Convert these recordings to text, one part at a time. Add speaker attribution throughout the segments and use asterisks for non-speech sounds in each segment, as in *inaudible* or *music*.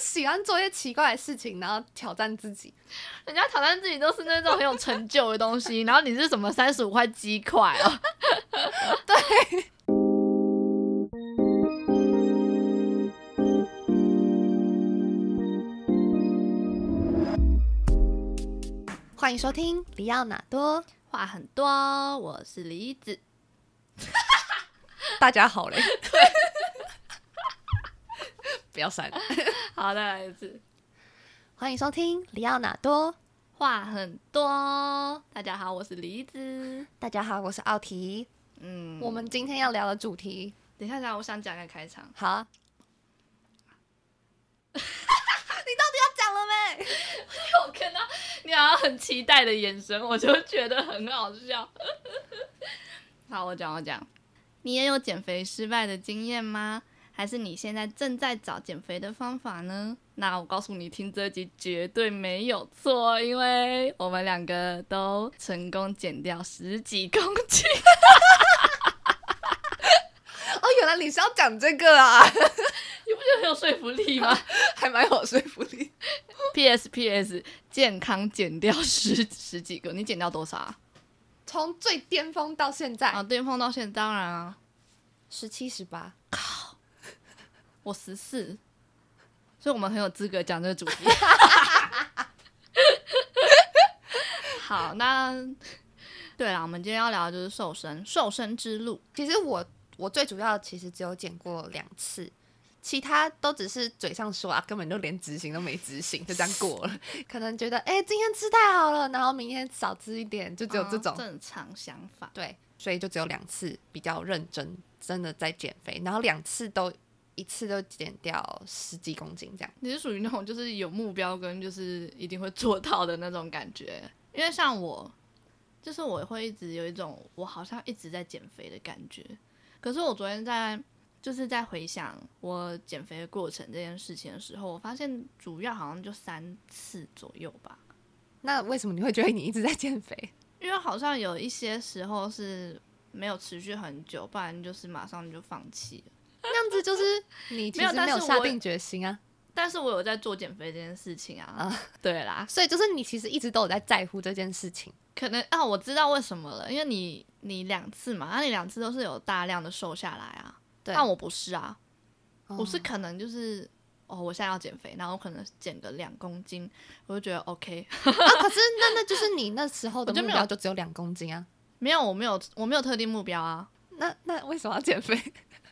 Speaker 1: 喜歡做一些奇怪的事情，然後挑戰自己。人家挑戰自己都是那種很有成就的東西， *laughs* 然後你是什麼三十五塊雞塊啊？ *laughs* 對。
Speaker 2: 歡迎收聽《里奧納多》，話很多，我是李子。 *laughs* *laughs* 大家好嘞！ *laughs* *laughs* 要刪， *laughs* 好，再來一次。歡迎收聽李奧納《里奧納多話很多》。大家好，我是李子。大家好，我是奧提。嗯，我們今天要聊的主題，等一下，等一下，我想講個開場。好
Speaker 1: 啊， *laughs* *laughs* 你到底要講了沒？ *laughs* 我看到你好像很期待的眼神，我就覺得很好笑。 *laughs* 好，我講，我講。你也有減肥失敗的經驗嗎？還是你現在正在找減肥的方法呢？那我告訴你，聽這集絕對沒有錯，因為我們兩個都成功減掉十幾公斤。 *laughs* *laughs* 哦，原來你是要講這個啊？ *laughs* 你不覺得很有說服力嗎？ *laughs* 還蠻有說服力。P.S.P.S. *laughs* PS, 健康減掉十十幾個，你減掉多少？從最巔峰到現在啊？巔峰到現在，當然啊，十七、十八。我十四，所以我們很有資格講這個主題。好，那對啊，我們今天要聊的就是瘦身，瘦身之路。其實我
Speaker 2: 我最主要的其實只有減過兩次，其他都只是嘴上說啊，根本就連執行都沒執行，就這樣過了。 *laughs* 可能覺得哎、欸，今天吃太好了，然後明天少吃一點，就只有這種、哦、正常想法。對，所以就只有兩次比較認真，真的在減肥，然後兩次都。一次都減掉十幾公斤這樣，
Speaker 1: 你是屬於那種就是有目標跟就是一定會做到的那種感覺。因為像我，就是我會一直有一種我好像一直在減肥的感覺。可是我昨天在就是在回想我減肥的過程這件事情的時候，我發現主要好像就三次左右吧。
Speaker 2: 那為什麼你會覺得你一直在減肥？
Speaker 1: 因為好像有一些時候是沒有持續很久，不然就是馬上就放棄了。
Speaker 2: 那樣子就是你其實沒有下定決心啊，但是，啊但
Speaker 1: 是我有在做減肥這件事情啊，
Speaker 2: 對啦，所以就是你其實一直都有在在乎這件事情，
Speaker 1: 可能啊，我知道為什麼了，因為你你兩次嘛，那、啊、你兩次都是有大量的瘦下來啊，對，但、啊、我不是啊，
Speaker 2: 我是
Speaker 1: 可能就是哦，哦，我現在要減肥，然後我可能減個兩公斤，我就覺得 OK *laughs* 啊，
Speaker 2: 可是那那就是你那時候的目標就
Speaker 1: 只有兩公斤啊，沒，沒有，我沒有我沒有特定目標啊，那那為什麼要減
Speaker 2: 肥？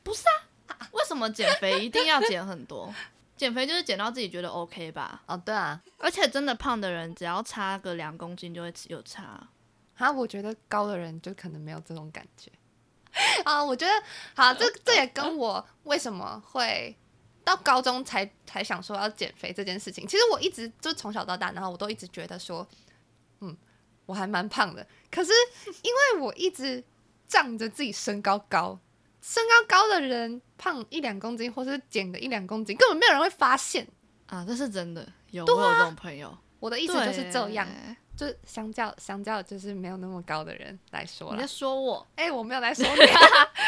Speaker 2: 不是啊。啊、
Speaker 1: 為什麼減肥一定要減很多？減 *laughs* 肥就是減到自己覺得 OK 吧？哦，對啊，而且真的胖的人，只要差個兩公斤就會
Speaker 2: 有差。啊，我覺得高的人就可能沒有這種感覺 *laughs* 啊。我覺得，好，這這也跟我為什麼會到高中才才想說要減肥這件事情，其實我一直就從小到大，然後我都一直覺得說，嗯，我還蠻胖的。可是因為我一直仗着自己身高高。身高高的人胖一兩公斤，或是減個一兩公斤，根本沒有人會發現啊！這是真的，有我有這種朋友。啊、我的意思就是這樣，耶就是相較相較，相較就是沒有那麼高的人來說了。你在
Speaker 1: 說我，哎、欸，我沒有來說你，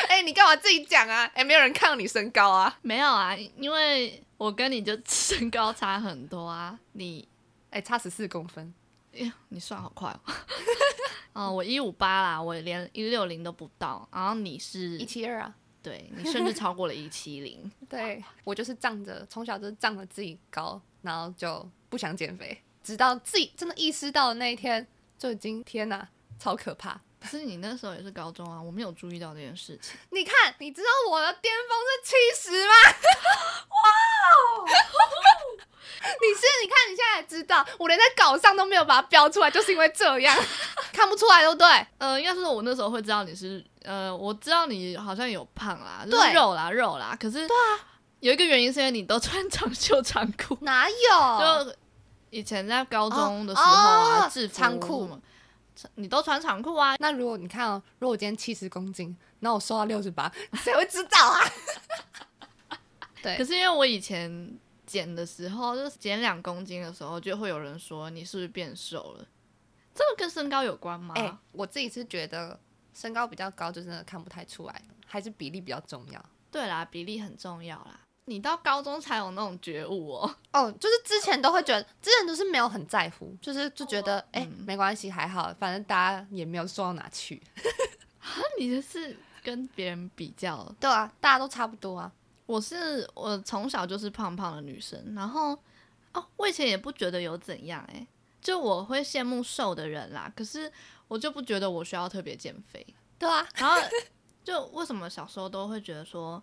Speaker 1: 哎、 *laughs* 欸，你幹嘛自己講啊？也、欸、沒有人看你身高啊。沒有啊，因為我跟你就身高差很多啊。你哎、欸，差十四公分、哎喲，你算好快哦。 *laughs* 哦、嗯，我一五八啦，我連一六零都不到。然後你是？一七二啊，對，你甚至超過了70，一七零。
Speaker 2: 對，我就是仗着從小就仗着自己高，然後就不想減肥，直到自己真的意識到那一天，就已經天吶、啊，超可怕。
Speaker 1: 可是你那時候也是高中啊，我沒有注意到這件事情。
Speaker 2: *laughs* 你看，你知道我的巔峰是七十嗎？哇 *laughs* Wow! *laughs* 你是你看你現在知道，我連在稿上都沒有把它標出來，就是因為這
Speaker 1: 樣看不出來，對不對？嗯，要是我那時候會知道你是，呃，我知道你好像有胖啦，就是肉啦，肉啦。可是對啊，有一個原因是因為你都穿長袖長
Speaker 2: 褲，哪有？就以前在高中的時候啊，制服長褲嘛，你都穿長褲啊。那如果你看哦，如果我今天七十公斤，那我瘦到六十八，誰會知道啊？對，可是因為我以前。減
Speaker 1: 的時候，就減兩公斤的時候，就會有人說你是不是變瘦了？這個
Speaker 2: 跟身高有關嗎？欸？我自己是覺得身高比較高就真的看不太出來，嗯、還是比例比較重要？對啦，比例很重要啦。
Speaker 1: 你到高中才有那種覺悟哦。
Speaker 2: 哦，就是之前都會覺得，之前都是沒有很在乎，就是就覺得，哎，沒關係，還好，反正大家也沒有瘦到哪去。 *laughs* 你這是跟別人
Speaker 1: 比較？ *laughs* 對啊，大家都差不多啊。我是我從小就是胖胖的女生，然後哦，我以前也不覺得有怎樣誒、欸。就我會羨慕瘦的人啦。可是我就不覺得我需要特別減肥，對啊。然後就為什麼小時候都會覺得說、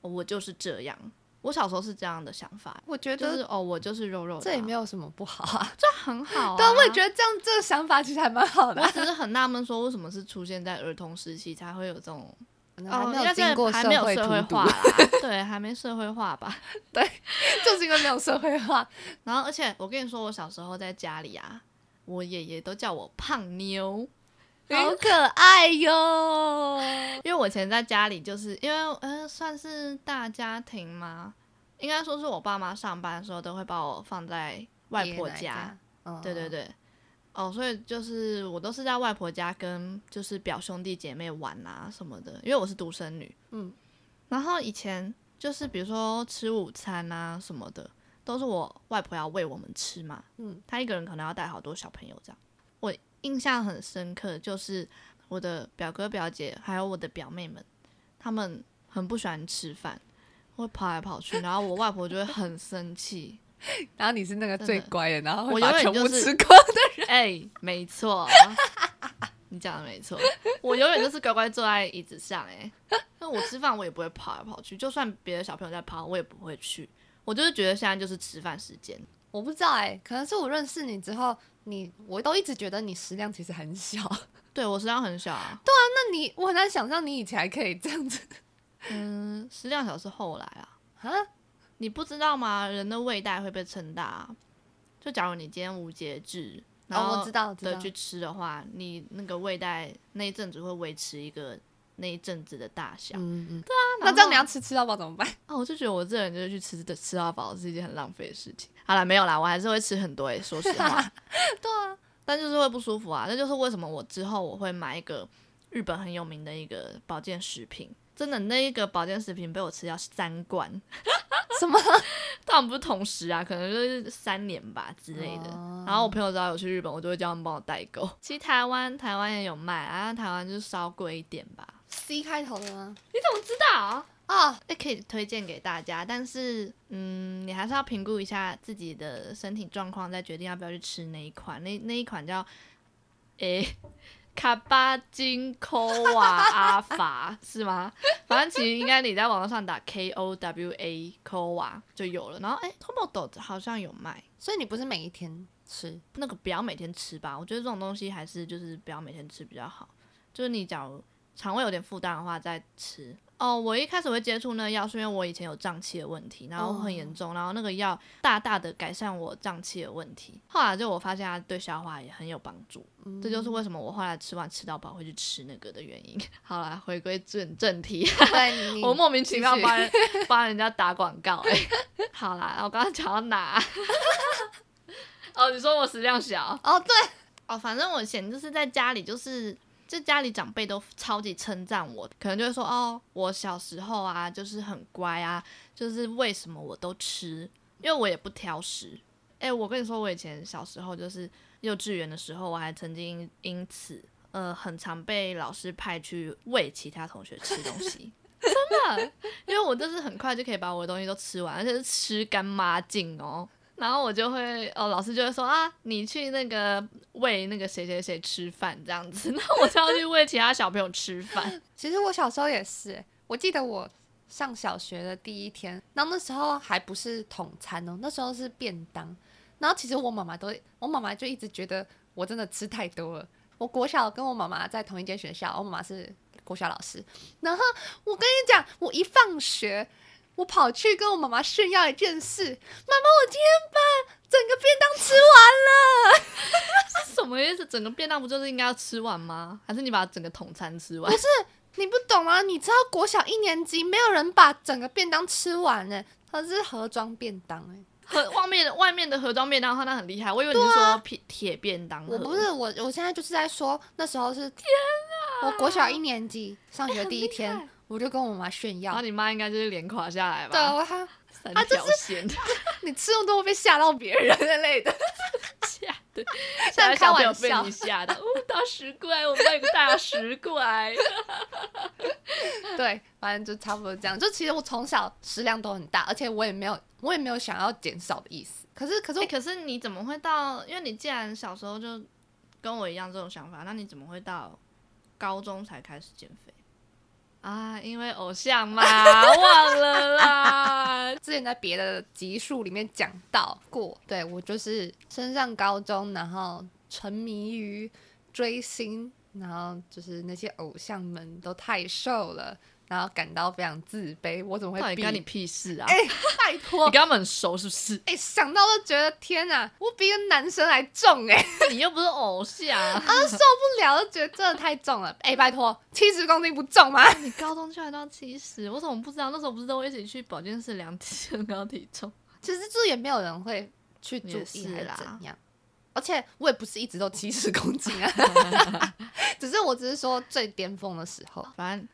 Speaker 1: 哦、我就是這樣，我小時候是這樣的想法，我
Speaker 2: 覺得、就是、哦，我就是肉肉的，這也沒有什麼不好啊，這很好、啊。對，我也
Speaker 1: 覺得這樣這個想法其實還蠻好的、啊。我只是很納悶，說為什麼是出現在兒童時期才會有這種。那哦，因為現在還沒有社會化啦， *laughs* 對，還沒社會化吧？ *laughs* 對，就是因為沒有社會化。 *laughs* 然後，而且我跟你說，我小時候在家裡啊，我爺爺都叫我胖妞，好可愛喲。 *laughs* 因為我以前在家裡，就是因為呃，算是大家庭嘛，應該說是我爸媽上班的時候都會把我放在外婆家。爺爺家對對對。哦哦，所以就是我都是在外婆家跟就是表兄弟姐妹玩啊什麼的，因為我是獨生女。嗯，然後以前就是比如說吃午餐啊什麼的，都是我外婆要餵我們吃嘛。嗯，她一個人可能要帶好多小朋友這樣。我印象很深刻，就是我的表哥表姐還有我的表妹們，他們很不喜歡吃飯，會跑來跑去，然後我外婆就會很生氣。 *laughs*
Speaker 2: 然後你是那個最乖的，的然後把我把、就是、全部吃過的人。哎、欸，沒錯，
Speaker 1: *laughs* 你講的沒錯。我永遠就是乖乖坐在椅子上、欸。哎，那我吃飯我也不會跑來跑去，就算別的小朋友在跑，我也不會去。我就是覺得現在就是吃飯時間。
Speaker 2: 我不知道哎、欸，可能是我認識你之後，你我都一直覺得你食量其實很小。對，我食量很小啊。對啊，那你，我很難想象你以前還可以這樣子。
Speaker 1: 嗯，食量小是後來啊？你不知道嗎？人的胃袋會被撐大啊，就假如你今天無節制，然後的去吃的話，你那個胃袋那一陣子會維持一個那一陣子的大小。嗯嗯，對啊，那這樣你要吃吃到飽怎麼辦？哦，我就覺得我這人就是去吃的吃到飽是一件很浪費的事情。好了，沒有啦，我還是會吃很多的，欸，說實話 *laughs* 對啊，對啊，但就是會不舒服啊。那就是為什麼我之後我會買一個日本很有名的一個保健食品，真的那一個保健食品被我吃掉三罐。怎麼？他們不是同時啊，可能就是三年吧之類的。Oh. 然後我朋友只要有去日本，我就會叫他們幫我代購。其實台灣台灣也有賣，啊，台灣就是稍貴一點吧。
Speaker 2: C 開頭的嗎？你
Speaker 1: 怎麼知道啊？也、oh. 欸，可以推薦給大家，但是嗯，你還是要評估一下自己的身體狀況，再決定要不要去吃那一款。那那一款叫 A。欸卡巴金科瓦阿法是嗎？反正其實應該你在網上打 K O W A 科瓦就有了。然後哎，Tomod's 好像有賣，所以你不是每一天吃那個，不要每天吃吧。我覺得這種東西還是就是不要每天吃比較好。就是你假如腸胃有點負擔的話，再吃。哦，我一開始會接觸那個藥，是因為我以前有脹氣的問題，然後很嚴重，哦、然後那個藥大大的改善我脹氣的問題。後來就我發現它對消化也很有幫助，嗯、這就是為什麼我後來吃完吃到飽會去吃那個的原因。好啦，回歸正正題，我莫名其妙幫幫人，人家打廣告，欸。 *laughs* 好啦，我剛剛講到哪？ *laughs* 哦，你說我食量小？哦，對，哦，反正我以前就是在家裡就是。就家裡長輩都超級稱讚我，可能就會說，哦，我小時候啊，就是很乖啊，就是餵什麼我都吃，因為我也不挑食。誒、欸，我跟你說，我以前小時候就是幼稚園的時候，我還曾經因此呃很常被老師派去餵其他同學吃東西， *laughs* 真的，因為我就是很快就可以把我的東西都吃完，而且是吃乾抹淨哦。然後我就會，哦，老師就會說啊，你去那個餵那個誰誰誰吃飯這樣子。那我就要去餵其他小朋友吃飯。 *laughs* 其實
Speaker 2: 我小時候也是，我記得我上小學的第一天，然後那時候還不是統餐哦，那時候是便當。然後其實我媽媽都，我媽媽就一直覺得我真的吃太多了。我國小跟我媽媽在同一間學校，我媽媽是國小老師。然後我跟你講，我一放學。我跑去跟我媽媽炫耀，一件事，媽媽，我今天把整個便當吃完了。 *laughs* 什麼意思？整個便當
Speaker 1: 不就是應該要吃完嗎？還是你把整個桶餐吃完？不是，
Speaker 2: 你不懂嗎、啊？你知道國小一年級沒有人把整個便當吃完誒、欸，它是盒裝便當誒、欸，
Speaker 1: 盒外面外面的盒裝便當，的話，那很厲害。我以為你是說鐵、啊、便當。我不是，
Speaker 2: 我我現在就是在說那時候是天啊，我國小一年級上學的第一天。欸我就跟我媽炫耀，那你媽應該就是臉垮下來吧？對三啊，他 *laughs* 你吃那麼多被嚇到別人那類的 *laughs* 嚇。
Speaker 1: 對，但開玩笑， *laughs* 被你嚇的，哇、哦、大食怪，我賣個大食怪。
Speaker 2: *laughs* 對，反正就差不多這樣。就其實我從小食量都很大，而且我也沒有我也沒有想要減少的意思。可是可是、欸、可是你怎麼會到？因為你既然小時候就跟我一樣
Speaker 1: 這種想法，那你怎麼會到高中才開始減肥？啊，因為
Speaker 2: 偶像嘛，忘了啦。 *laughs* 之前在別的集數裡面講到過，對，我就是升上高中，然後沉迷於追星，然後就是那些偶像們都太瘦了。然後感到非常自卑，我怎麼會？關你屁事啊！哎、欸，拜託， *laughs* 你跟他們很熟是不是？哎、欸，想到就覺得天啊，我比一個男生還重哎、欸！你又不是偶像啊，受不了，就覺得真的太重了。哎、欸，拜託，七十公斤不重嗎？哎、你高中居然都要
Speaker 1: 七十，我怎麼不知道？那時候不是跟我一起去保健室量身高、體重？其實這也沒有
Speaker 2: 人會去注意你啦。而且我也不是一直都七十公斤啊， *laughs* *laughs* 只是我只是說最巔峰的時候，哦、反正。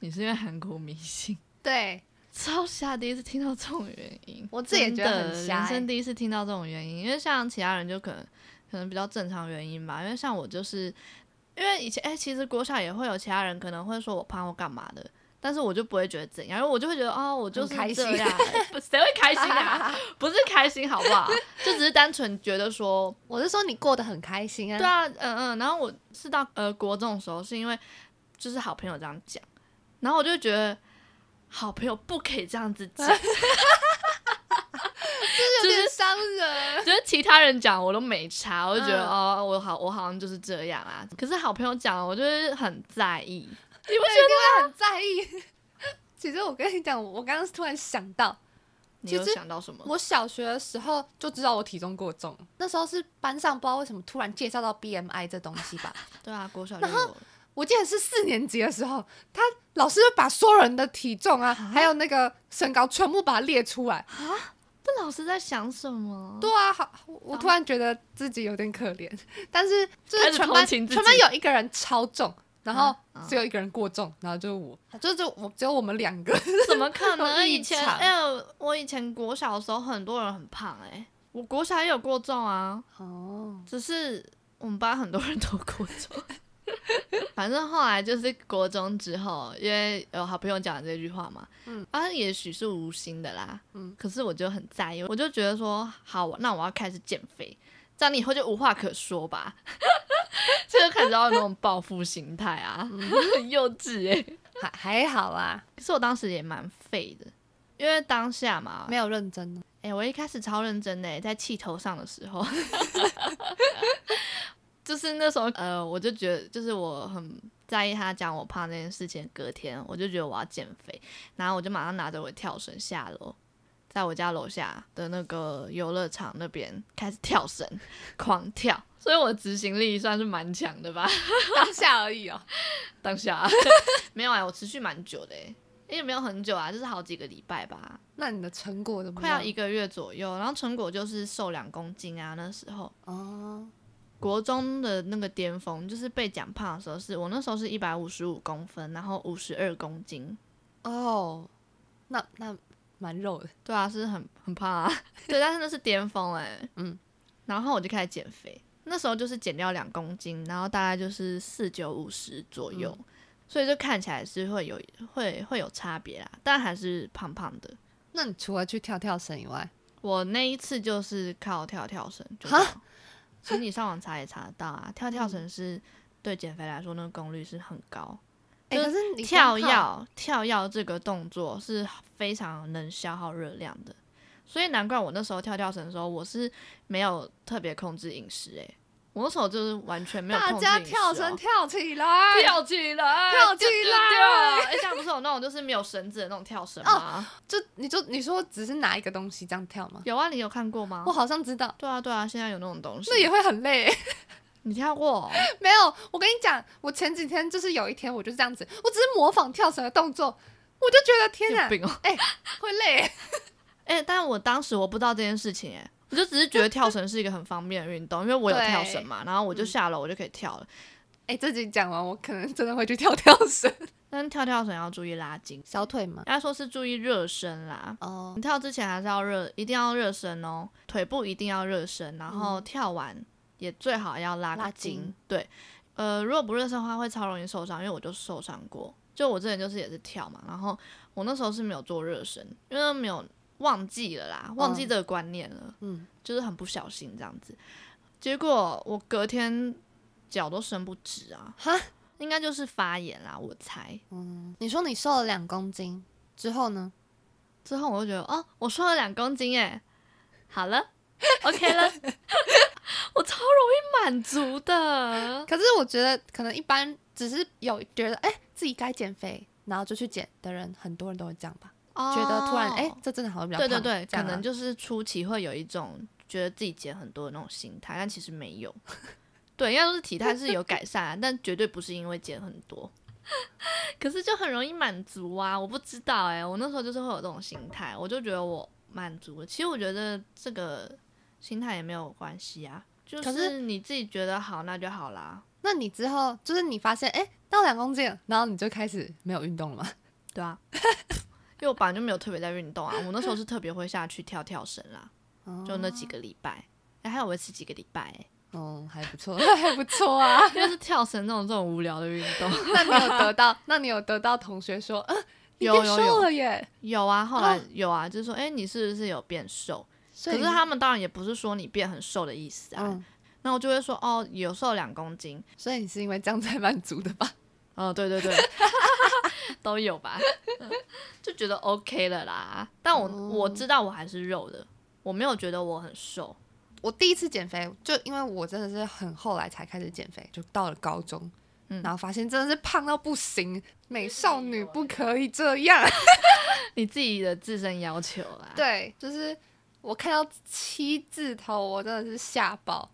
Speaker 2: 你是因為
Speaker 1: 韓國迷信？對，超級瞎，第一次聽到這種原因，我自這己真的覺得很瞎，欸、人生第一次聽到這種原因。因為像其他人就可能，可能比較正常原因吧。因為像我就是因為以前誒、欸,其實國小也會有其他人可能會說我胖或幹嘛的，但是我就不會覺得怎樣，因為我就會覺得啊、哦，我就是這樣開心。誰會開心啊？ *laughs* 不是開心好不好？就只是單純覺得說，我是說你過得很開心啊。對啊，嗯嗯。然後我是到呃國中的時候，是因為就是好朋友這樣講。然後我就覺得，好朋友不可以這樣子講， *laughs* 就是傷 *laughs* 人。覺得其他人講我都沒差，我就覺得、嗯、哦，我好，我好像就是這樣啊。可是好朋友講，我就是很在意，你
Speaker 2: 們覺得啊、因為一定會很在意。 *laughs* 其實我跟你講，我剛剛突然想到，你有想到什麼？我小學的時候就知道我體重過重，那時候是班上不知道為什麼突然介紹到 BMI 這東西吧？ *laughs* 對啊，國小就我記得是四年級的時候，他老師就把所有人的體重啊，哈還有那個身高全部把它列出來啊。那哈老師在想什麼？對啊，好，啊、我突然覺得自己有點可憐，但是就是全班全班有一個人超重，然後只有一個人過重，然後就我，就是我只有我們兩個。怎、啊就是、麼可能 *laughs* 場？以前哎、欸，
Speaker 1: 我以前國小的時候很多人很胖哎、欸，我國小也有過重啊。哦，只是我們班很多人都過重。 *laughs* 反正後來就是國中之後，因為有好朋友講這句話嘛，嗯，啊，也許是無心的啦，嗯，可是我就很在意，我就覺得說，好，那我要開始減肥，這樣你以後就無話可說吧，這 *laughs* 就開始要那種報復心態啊，嗯、很幼稚哎、欸，還還好啦，可是我當時也蠻廢的，因為當下嘛沒有認真，哎、欸，我一開始超認真的，在氣頭上的時候。 *laughs* *laughs* 就是那時候，呃，我就覺得，就是我很在意他講我胖那件事情。隔天我就覺得我要減肥，然後我就馬上拿着我跳繩下樓，在我家樓下的那個遊樂場那邊開始跳繩，狂跳。所以我的執行力算是蠻強的吧， *laughs* 當下而已哦、喔。 *laughs* 當下、啊、 *laughs* 沒有啊，我持續蠻久的、欸，因為沒有很久啊，就是好幾個禮拜吧。那你的成果怎麼樣？快要一個月左右，然後成果就是瘦兩公斤啊。那時候哦。Oh. 國中的那個巔峰就是被講胖的時候是，是我那時候是一百五十五公分，然後五十二公斤。
Speaker 2: 哦、oh，那那蠻肉的。對啊，是很很胖啊。 *laughs* 對，
Speaker 1: 但是那是巔峰哎、欸。嗯。然後我就開始減肥，那時候就是減掉兩公斤，然後大概就是四九五十左右，嗯、所以就看起來是會有會會有差別啊，但還是胖胖的。那你除了去跳跳繩以外？我那一次就是靠跳跳繩。就是 *laughs* 其實你上網查也查得到啊，跳跳繩是、嗯、對減肥來說那個功率是很高，
Speaker 2: 欸、就跳可是你跳躍、
Speaker 1: 跳躍這個動作是非常能消耗熱量的，所以難怪我那時候跳跳繩的時候，我是沒有特別控制飲食誒、欸。我手就是完全沒有、哦。大家跳繩
Speaker 2: 跳起來，跳起來，跳起來！哎、像、欸、不是有那種就是沒有繩子的那種跳繩嗎？Oh, 就你就你說只是拿一個東西這樣跳嗎？有啊，你有看過嗎？我好像知道。對啊，對啊，現在有那種東西。那也會很累。你跳過、哦、 *laughs* 沒有？我跟你講，我前幾天就是有一天，我就這樣子，我只是模仿跳繩的動作，我就覺得天哪，哎、哦欸，會累。哎、 *laughs* 欸，但是我當時我不知道這件
Speaker 1: 事情、欸，我就只是覺得跳繩是一個很方便的運動，因為我有跳繩嘛，對然後我就下樓我就可以跳了。誒、嗯，這集講完，我可能真的會去跳跳繩。但跳跳繩要注意拉筋小腿嘛，大家說是注意熱身啦。哦，你跳之前還是要熱，一定要熱身哦，腿部一定要熱身，然後跳完也最好要拉筋。拉筋。對，呃，如果不熱身的話，會超容易受傷，因為我就受傷過。就我之前就是也是跳嘛，然後我那時候是沒有做熱身，因為沒有。忘記了啦，忘記這個觀念了，嗯，就是很不小心這樣子，結果我隔天腳都伸不直啊，哈，應該就是發炎啦，我猜。嗯，你說你瘦了兩公斤之後呢？之後我就覺得，哦，我瘦了兩公斤耶，哎，
Speaker 2: 好了 *laughs* ，OK 了， *laughs* 我超容易滿足的。可是我覺得，可能一般只是有覺得，哎、欸，自己該減肥，然後就去減的人，很多人都會這樣吧。覺得突然哎、oh. 欸，這真的好像比較，對對對，啊、可能就是初期會
Speaker 1: 有一種覺得自己減很多的那種心態，但其實沒有。
Speaker 2: *laughs* 對，要都是體態是
Speaker 1: 有改善， *laughs* 但絕對不是因為減很多。 *laughs* 可是就很容易滿足啊，我不知道哎、欸，我那時候就是會有這種心態，我就覺得我滿足了。其實我覺得這個心態也沒有關係啊，就是你自己覺得好那就好啦。
Speaker 2: 是那你之後就是你發現哎、欸、到兩公斤，然後你就開始沒有運動了嗎？對啊。 *laughs*
Speaker 1: 因為我本來就沒有特別在運動啊，我那時候是特別會下去跳跳繩啦，
Speaker 2: 哦、就那幾
Speaker 1: 個禮拜、欸，還有維持幾個禮拜、欸，哦，
Speaker 2: 還不錯，還
Speaker 1: 不錯啊， *laughs* 就是跳繩這種這種無聊的運動。 *laughs* 那你有得到？那你有得到同學說，呃、啊，有你瘦了耶？有有，有啊，後來有啊，就是說，哎、欸，你是不是有變瘦？可是他們當然也不是說你變很瘦的意思啊。嗯、那我就會說，哦，有瘦兩公斤，
Speaker 2: 所以你是因為這樣才滿足的吧？哦、嗯，對對對。 *laughs*
Speaker 1: 都有吧， *laughs* 就覺得 OK 了啦。
Speaker 2: 但我我知道我還是肉的，我沒有覺得我很瘦。我第一次減肥，就因為我真的是很後來才開始減肥，就到了高中，嗯，然後發現真的是胖到不行，美少女不可以這樣。 *laughs* 你自己的自身要求啦。對，就是我看到七字頭，我真的是嚇爆，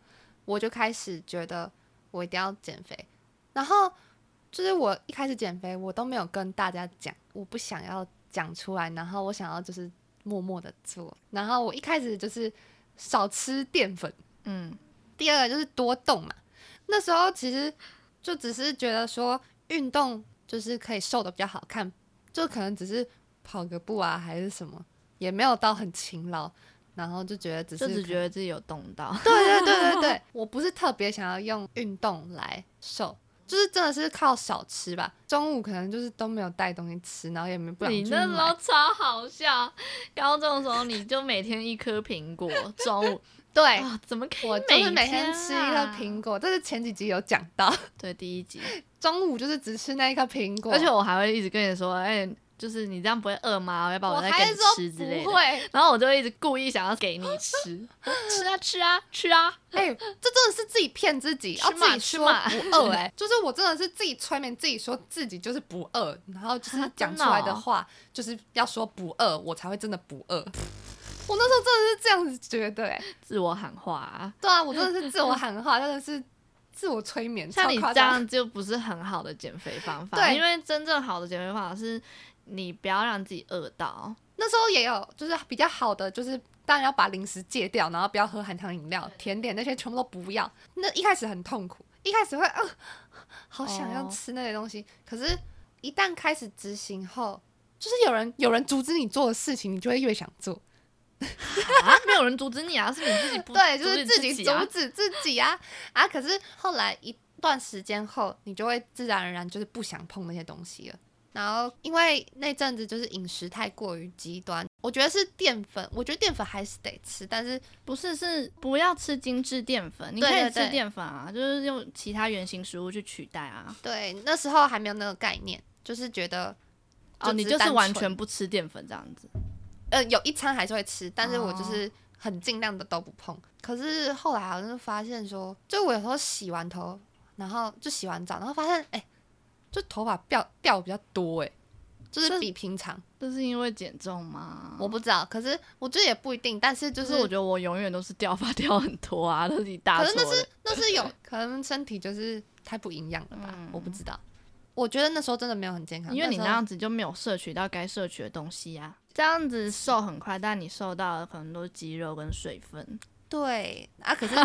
Speaker 2: 我就開始覺得我一定要減肥，然後。就是我一開始減肥，我都沒有跟大家講，我不想要講出來，然後我想要就是默默的做，然後我一開始就是少吃澱粉，嗯，第二個就是多動嘛。那時候其實就只是覺得說運動就是可以瘦得比較好看，就可能只是跑個步啊還是什麼，也沒有到很勤勞，然後就覺得只是就只覺
Speaker 1: 得自己有動到，對
Speaker 2: 對對對對，我不是特別想要用運動來瘦。就是真的是靠少吃吧，中午可能就是都沒有帶東西吃，然後也沒不。你那時候
Speaker 1: 超好笑，高中的時候你就每天一顆蘋果，
Speaker 2: *laughs* 中午對，哦啊、我就是每天吃一顆蘋果，但是前幾集有講到，對，第一集中午就是只吃那一顆蘋果，而且我還會一直跟你說，哎、欸。
Speaker 1: 就是你這樣不會餓嗎？要不然我再給你吃之類的。然後我就一直故意想要給你吃，
Speaker 2: 吃、啊，吃啊吃啊吃啊！哎、啊欸，這真的是自己騙自己，吃嘛要自己說不餓、欸。哎， *laughs* 就是我真的是自己催眠自己，說自己就是不餓，然後就是他講出來的話、嗯真的哦、就是要說不餓，我才會真的不餓。我那時候真的是這樣子覺得、欸，自我喊話、啊。對啊，我真的是自我喊話，真的是自我催眠。像你這樣
Speaker 1: 就不是很好的減肥方法。對，因為真正好的減肥方法是。你不要讓自己餓到。
Speaker 2: 那時候也有，就是比較好的，就是當然要把零食戒掉，然後不要喝含糖飲料、甜點那些，全部都不要。那一開始很痛苦，一開始會啊、呃，好想要吃那些東西。哦、可是，一旦開始執行後，就是有人、有人阻止你做的事情，你就會越想做。啊，沒有人阻止你啊，是、是你自己不對，就是自己阻止自己啊、阻止自己啊、啊！可是後來一段時間後，你就會自然而然就是不想碰那些東西了。然後，因為那陣子就是飲食太過於極端，我覺得是澱粉。我覺得澱粉還是得吃，但是不是是不要吃精致澱粉。對對對，你可以吃澱
Speaker 1: 粉啊，就是用其他原型食物去取代啊。對，那時候還沒有那個概念，就是覺得哦，你就是完全不
Speaker 2: 吃澱粉這樣子。呃，有一餐還是會吃，但是我就是很盡量的都不碰。哦，可是後來好像是發現說，就我有時候洗完頭，然後就洗完澡，然後發現哎。誒就頭髮掉掉比較多誒，就是比平常，這是因為減重嗎？我不知道，可是我覺得也不一定。但是就是，是我覺得
Speaker 1: 我永遠都是掉髮掉很多啊，都一大撮。可是那是
Speaker 2: 那是有 *laughs* 可能身體就是太不營養了吧？嗯、我不知道，我覺得那時候真的沒有很健康，因為你那樣
Speaker 1: 子就沒有攝取到該攝取的東西呀、啊。這樣子瘦很快，但你瘦到的可能都是肌肉跟水分。
Speaker 2: 對啊，可是那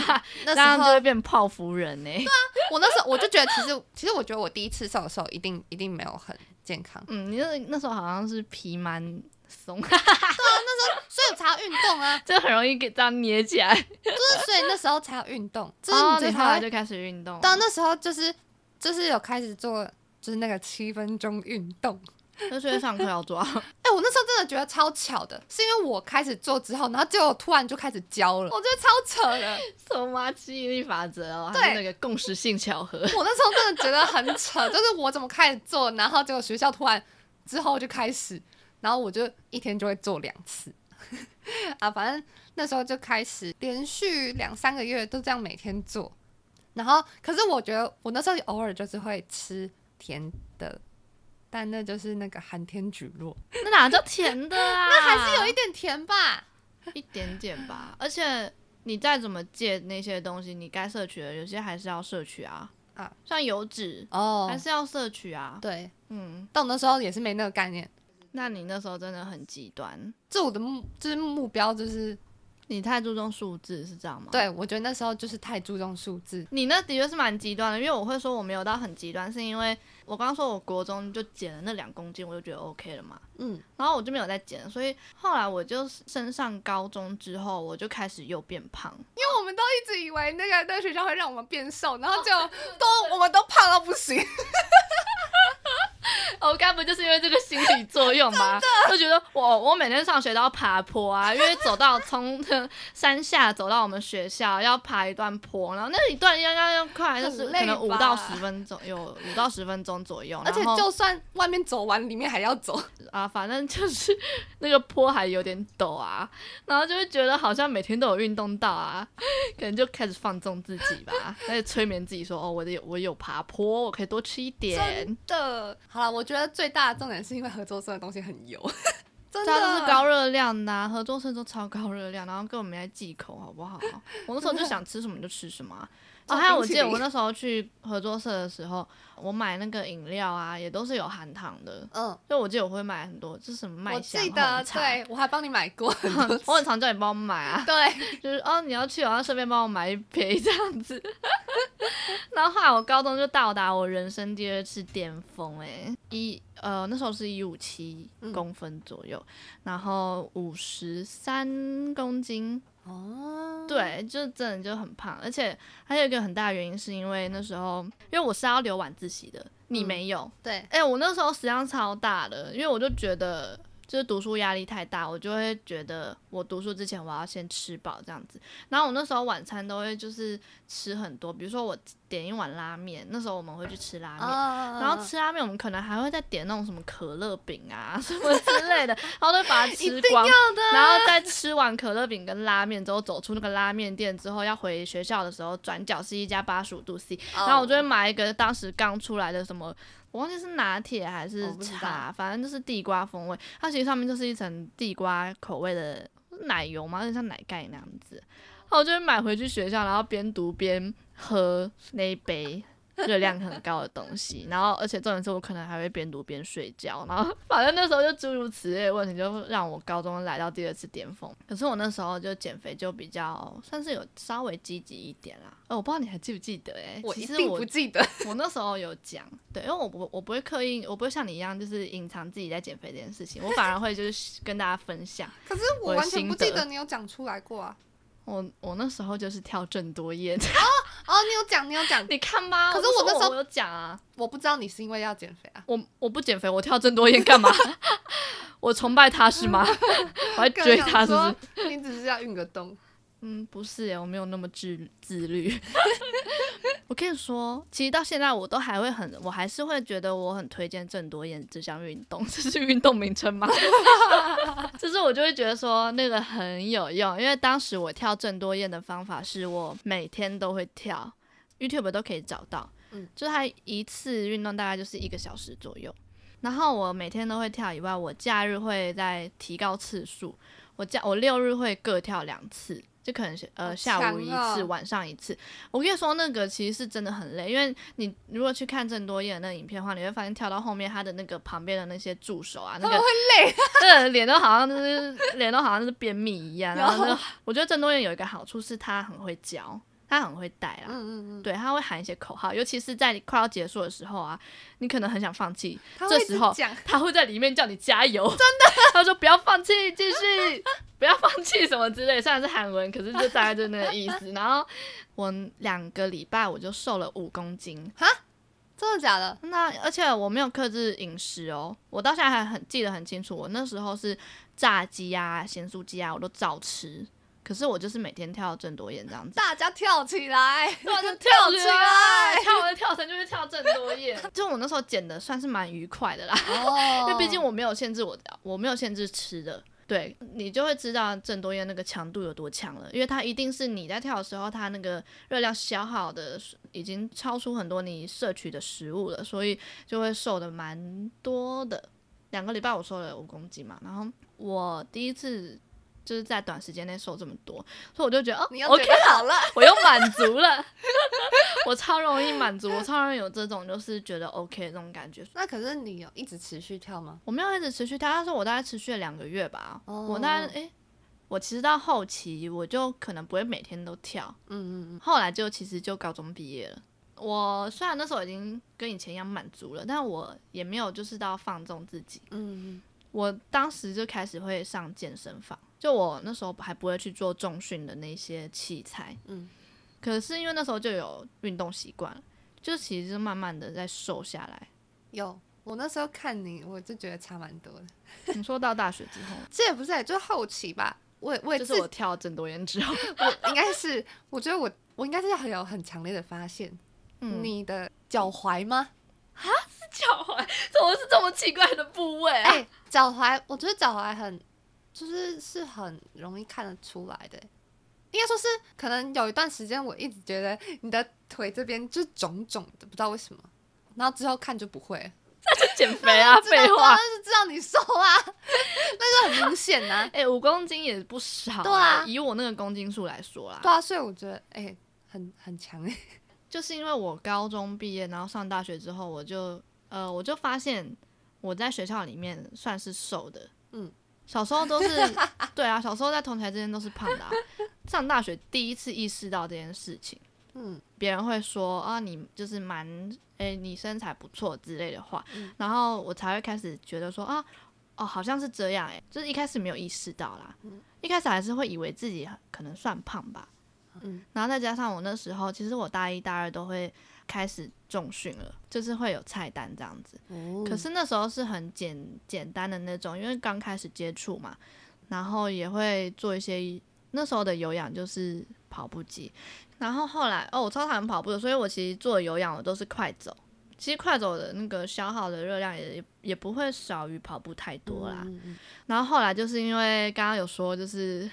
Speaker 2: 時候就會變泡芙人呢、欸。對啊，我那時候我就覺得，其實其實我覺得我第一次瘦的時候，一定一定沒有很健康。嗯，你那那時候好像是皮蠻鬆的。對啊，那時候所以我才要運動啊，
Speaker 1: 就很容易給這樣
Speaker 2: 捏起來。就是所以那時候才要運動，然、就、後、是、你後來、哦、就開始運動，到那時候就是就是有開始做，就是那個七分鐘運動。就是因為上課要做，哎、 *laughs* 欸，我那時候真的覺得超巧的，是因為我開始做之後，然後就突然就開始教了，我覺得超扯的，什麼吸引力法則哦，對，是那個共識性巧合。我那時候真的覺得很扯，就是我怎麼開始做，然後結果學校突然之後就開始，然後我就一天就會做兩次， *laughs* 啊，反正那時候就開始連續兩三個月都這樣每天做，然後可是我覺得我那時候偶爾就是會吃甜的。但那就是那個寒天蒟蒻。
Speaker 1: *laughs* 那哪叫甜的啊？ *laughs* 那還是有一點甜吧， *laughs* 一點點吧。而且你再怎麼戒那些東西，你該攝取的有些還是要攝取啊啊，像油脂哦，還是要攝取啊。
Speaker 2: 對，嗯，到那時候也是沒那個概念。
Speaker 1: *laughs* 那你那時候真的很極端。
Speaker 2: 這我的目，這、就是目標就是。你太
Speaker 1: 注重數字是這樣？嗎？對，我覺得那時候就是太注重數字。你那的確是蠻極端的，因為我會說我沒有到很極端，是因為我剛剛說我國中就減了那兩公斤，我就覺得 OK 了嘛。嗯，然後我就沒有再減，所以後來我就升上高中之後，我就開始又變胖。
Speaker 2: 因為我們都一直以為那個那個學校會讓我們變瘦，然後就都我們都胖到不行。 *laughs* 哦，我剛不就是因為這個心理作用嗎？的
Speaker 1: 就覺得我我每天上學都要爬坡啊，因為走到從山下走到我們學校要爬一段坡，然後那一段要要要快，就是可能五到十分鐘有五到十分鐘左右，左右而且就算外面走完，裡面還要走啊，反正就是那個坡還有點陡啊，然後就會覺得好像每天都有運動到啊，可能就開始放縱自己吧，那就催眠自己說哦，我的有我有爬坡，我可以多吃一點
Speaker 2: 真的。好啦，我覺得最大的重點是因為合作社的
Speaker 1: 東西很油，真的、啊、都是高熱量的、啊，合作社都超高熱量，然後根本沒在忌口，好不好？我那時候就想吃什麼就吃什麼。啊！
Speaker 2: 的」哦、還有我記得我那時
Speaker 1: 候去合作社的時候，我買那個飲料啊，也都是有含糖的。嗯，就我記得我會買很多，這是什麼麥香紅茶，對我還幫你買過，我很常叫你幫我買啊。對，就是哦，你要去，然後順便幫我買一杯這樣子。那 *laughs* 後，後來我高中就到達我人生第二次巔峰，欸，誒、呃，一呃那時候是一五七公分左右，嗯，然後五十三公斤哦，對，就真的就很胖，而且還有一個很大原因是因為那時候，因為我是要留晚自習的，你沒有，嗯，對，哎、欸、我那時候實際上超大的，因為我就覺得。就是讀書壓力太大，我就會覺得我讀書之前我要先吃飽這樣子。然後我那時候晚餐都會就是吃很多，比如說我點一碗拉麵，那時候我們會去吃拉麵，oh. 然後吃拉麵我們可能還會再點那種什麼可樂餅啊什麼之類的， *laughs* 然後都會把它吃光。一定要的。然後再吃完可樂餅跟拉麵之後，走出那個拉麵店之後，要回學校的時候，轉角是一家八十五度 C，oh. 然後我就會買一個當時剛出來的什麼。我忘記是拿鐵還是茶，哦、反正就是地瓜風味，它其實上面就是一層地瓜口味的奶油嘛，有點像奶蓋那樣子。然後我就會買回去學校，然後邊讀邊喝那一杯。 *laughs* 熱量很高的東西，然後而且重點是我可能還會邊讀邊睡覺，然後反正那時候就諸如此類的問題，就讓我高中來到第二次巔峰。可是我那時候就減肥就比較算是有稍微積極一點啦。哎、哦，我不知道你還記不記得、欸？誒，我一定不記得。我，我那時候有講，對，因為我，我，我不會刻意，我不會像你一樣就是隱藏自己在減肥這件事情，我反而會就是跟大家分享。可是我完全不記得
Speaker 2: 你有講出來過啊。
Speaker 1: 我我那時候就是跳鄭多燕。
Speaker 2: 哦，哦哦，你有講，你有講。你看嗎？可是我那時候我有講啊，我不知道你是因為要減肥啊。我我不減肥，我跳鄭多燕幹嘛？
Speaker 1: *laughs* 我崇拜他是嗎？
Speaker 2: *laughs* *laughs* 我還追他是不是？你，你只是要運個動。
Speaker 1: 嗯，不是耶，我沒有那麼自自律。 *laughs* 我可以說，其實到現在我都還會很，我還是會覺得我很推薦鄭多燕這項運動。 *laughs* 這是運動名稱嗎？ *laughs* *laughs* 就是我就會覺得說那個很有用，因為當時我跳鄭多燕的方法是我每天都會跳，YouTube 都可以找到。嗯，就他一次運動大概就是一個小時左右。然後我每天都會跳以外，我假日會再提高次數。我假我六日會各跳兩次。就可能是呃下午一次，哦，晚上一次，我跟你說那個其實是真的很累，因為你如果去看鄭多燕那個影片的話，你會發現跳到後面他的那個旁邊的那些助手啊，那個臉、啊嗯、都好像就是臉 *laughs* 都好像是便秘一樣。然後、那個 *laughs* 那個、我覺得鄭多燕有一個好處是她很會教。他很會帶啊，嗯嗯嗯，對，他會喊一些口號，尤其是在你快要結束的時候啊，你可能很想放棄，這時候他會在裡面叫你加油，真的， *laughs* 他說不要放棄，繼續， *laughs* 不要放棄什麼之類，雖然是韓文，可是就大概就那個意思。 *laughs* 然後我兩個禮拜我就瘦了五公斤，哈，真的假的？那而且我沒有克制飲食哦，我到現在還很記得很清楚，我那時候是炸雞啊、鹹酥雞啊，我都照吃。可是我就是每天跳鄭多燕這樣
Speaker 2: 子，大家跳起來，我就 *laughs* *laughs* 跳起來， *laughs* 跳完跳繩
Speaker 1: 就是跳鄭多燕。 *laughs* 就我那時候減的算是蠻愉快的啦，oh. *laughs* 因為畢竟我沒有限制我，我沒有限制吃的，對，你就會知道鄭多燕那個強度有多強了，因為它一定是你在跳的時候，它那個熱量消耗的已經超出很多你攝取的食物了，所以就會瘦的蠻多的。兩個禮拜我瘦了五公斤嘛，然後我第一次。就是在短時間內瘦這麼多，所以我就覺得哦，OK，好了，我又滿足了， *laughs* *laughs* 我超容易滿足，我超容易有這種就是覺得 OK 的這種感覺。那可是你有一直持續跳嗎？我沒有一直持續跳，但是我大概持續了兩個月吧。哦、我大概，誒、欸，我其實到後期我就可能不會每天都跳，嗯嗯嗯。後來就其實就高中畢業了。我雖然那時候已經跟以前一樣滿足了，但我也沒有就是到放縱自己，嗯嗯。我當時就開始會上健身房。就我那時候還不會去做重訓的那些器材，嗯，可是因為那時候就有運動習慣，就其實慢慢的在瘦下來。
Speaker 2: 有，我那時候看你，我就覺得差蠻多的。 *laughs* 你說到大學之後，這也不是，就是後期吧。我我也就是我跳了鄭多燕之後， *laughs* 我應該是，我覺得我我應該是很有很強烈的發現，嗯、你的腳踝嗎？啊、嗯，蛤是腳踝？怎麼是這麼奇怪的部位、啊？哎、欸，腳踝，我覺得腳踝很。就是是很容易看得出來的，應該說是可能有一段時間，我一直覺得你的腿這邊就是腫腫的，不知道為什麼。然後之後看就不會，那就減肥啊！廢話， *laughs* 就是知道你瘦啊， *laughs* *laughs* 那就很明顯吶、啊。誒、欸，五公斤也不少，對啊，以我那個公斤數來說啦，對啊，所以我覺得誒、欸，很很強誒。就是因為我高中畢業，
Speaker 1: 然後上大學之後，我就呃，我就發現我在學校裡面算是瘦的，嗯。小時候都是 *laughs* 對啊，小時候在同學之間都是胖的、啊。上大學第一次意識到這件事情，嗯，別人會說啊，你就是蠻哎、欸，你身材不錯之類的話，嗯、然後我才會開始覺得說啊，哦，好像是這樣哎、欸，就是一開始沒有意識到啦，嗯、一開始還是會以為自己可能算胖吧，嗯，然後再加上我那時候，其實我大一、大二都會。開始重訓了，就是會有菜單這樣子。哦，可是那時候是很簡簡單的那種，因為剛開始接觸嘛，然後也會做一些那時候的有氧，就是跑步機。然後後來哦，我超討厭跑步的，所以我其實做有氧的都是快走。其實快走的那個消耗的熱量也也不會少於跑步太多啦。嗯嗯嗯，然後後來就是因為剛剛有說，就是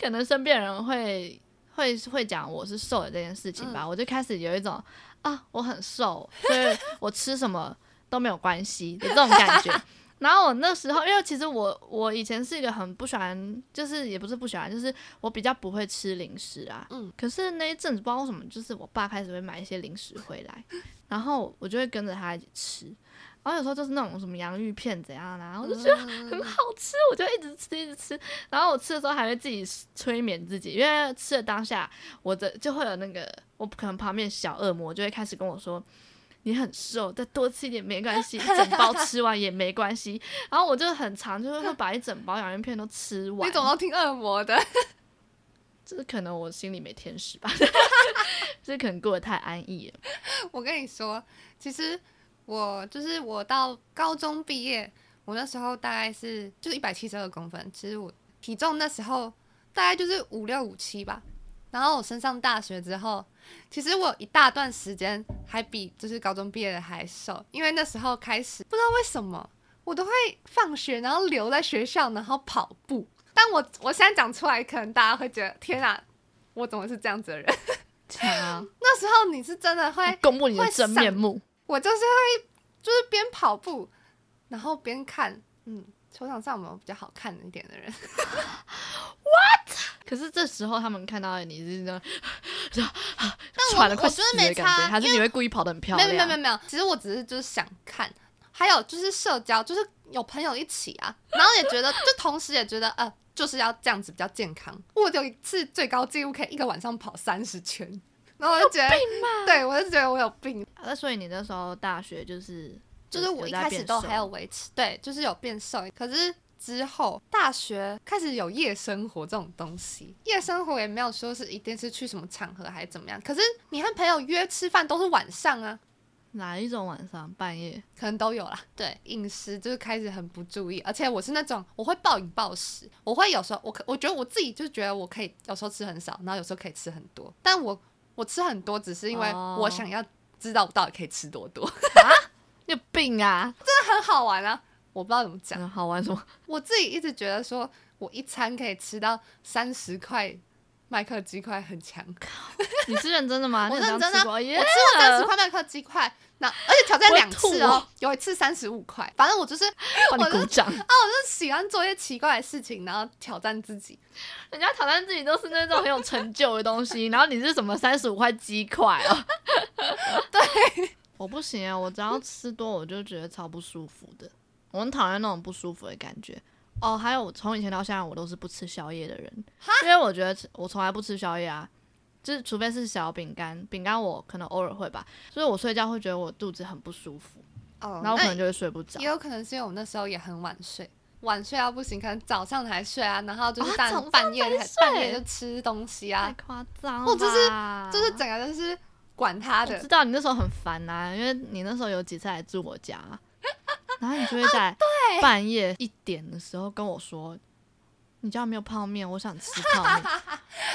Speaker 1: 可能身邊人會。會會講我是瘦的這件事情吧，嗯、我就開始有一種啊，我很瘦，所以我吃什麼都沒有關係的這種感覺。 *laughs* 然後我那時候，因為其實我我以前是一個很不喜歡，就是也不是不喜歡，就是我比較不會吃零食啊。嗯。可是那一陣子不知道為什麼，就是我爸開始會買一些零食回來，然後我就會跟着他一起吃。然後有時候就是那種什麼洋芋片怎樣啦、啊，嗯、我就覺得很好吃，我就一直吃一直吃。然後我吃的時候還會自己催眠自己，因為吃的當下我的就會有那個，我可能旁邊小惡魔就會開始跟我說：“你很瘦，再多吃一點沒關係，一整包吃完也沒關係。”然後我就很常就會把一整包洋芋片都吃完。你總要聽惡魔的？這可能我心裡沒天使吧？這 *laughs* *laughs* 可能過得太安逸了。
Speaker 2: 我跟你說，其實。我就是我到高中畢業，我那時候大概是就是一百七十二公分，其實我體重那時候大概就是五六五七吧。然後我升上大學之後，其實我有一大段時間還比就是高中畢業的還瘦，因為那時候開始不知道為什麼，我都會放學然後留在學校然後跑步。但我我現在講出來，可能大家會覺得天哪、啊，我怎麼是這樣子的人？啊、 *laughs* 那時候你是真的會公布你的真面目。我就是會，就是邊跑步，然後邊看，嗯，球場上有沒有比較好看一點的人 *laughs* ？What？可是這時候他們看到的你就是這樣說我喘得快死的感覺，覺還是
Speaker 1: 你會故意跑得很漂亮？沒有沒有
Speaker 2: 沒有，其實我只是就是想看，還有就是社交，就是有朋友一起啊，然後也覺得， *laughs* 就同時也覺得，呃，就是要這樣子比較健康。我有一次最高紀錄可以一個晚上跑三十圈。然後我就覺得，有病。對，
Speaker 1: 我就覺得我有病。那、啊、所以你那時候大學就是，就是我一開始都還有
Speaker 2: 維持。對，就是有變瘦。可是之後大學開始有夜生活這種東西，夜生活也沒有說是一定是去什麼場合還是怎麼樣，可是你和朋友約吃飯都是晚上啊。哪一種晚上？半夜可能都有啦。對，飲食就是開始很不注意，而且我是那種我會暴飲暴食，我會有時候我我覺得我自己就覺得我可以有時候吃很少，然後有時候可以吃很多，但我。我吃很多，只是因為我想要知道我到底可以吃多多啊、oh. *laughs* 你有病啊！真的很好玩啊！我不知道怎麼講好玩什麼。我自己一直覺得說，我一餐可以吃到三十塊麥克雞塊，很強。你是認真的嗎？我認真的、啊。吃 yeah! 我吃了三十塊麥克雞塊。而且挑戰兩次哦、喔，喔、有一次三十五塊，反正我就是，我鼓掌我啊，我就喜歡做一些奇怪的事情，然後挑戰自己。人家挑戰自己都是那
Speaker 1: 種很有成就的東西， *laughs* 然後你是什麼三十五塊雞塊啊？ *laughs* 對，我不行啊，我只要吃多我就覺得超不舒服的，我很討厭那種不舒服的感覺。哦，還有我從以前到現在我都是不吃宵夜的人，哈因為我覺得吃我從來不吃宵夜啊。就是除非是小餅乾，餅乾我可能偶爾會吧，所以我睡覺會覺得我肚子很不舒服，
Speaker 2: 哦、然後我可能就會睡不着。也有可能是因為我那時候也很晚睡，晚睡到、啊、不行，可能早上還睡啊，然後就是但、哦、才半夜半夜就吃東西啊，太誇張了，我、就是就是整個就是管他的。我知道
Speaker 1: 你那時候很煩啊，因為你那時候有幾次來住我家，然後你就會在、啊、半夜一點的時候跟我說。你家沒有泡麵，我想吃泡
Speaker 2: 麵。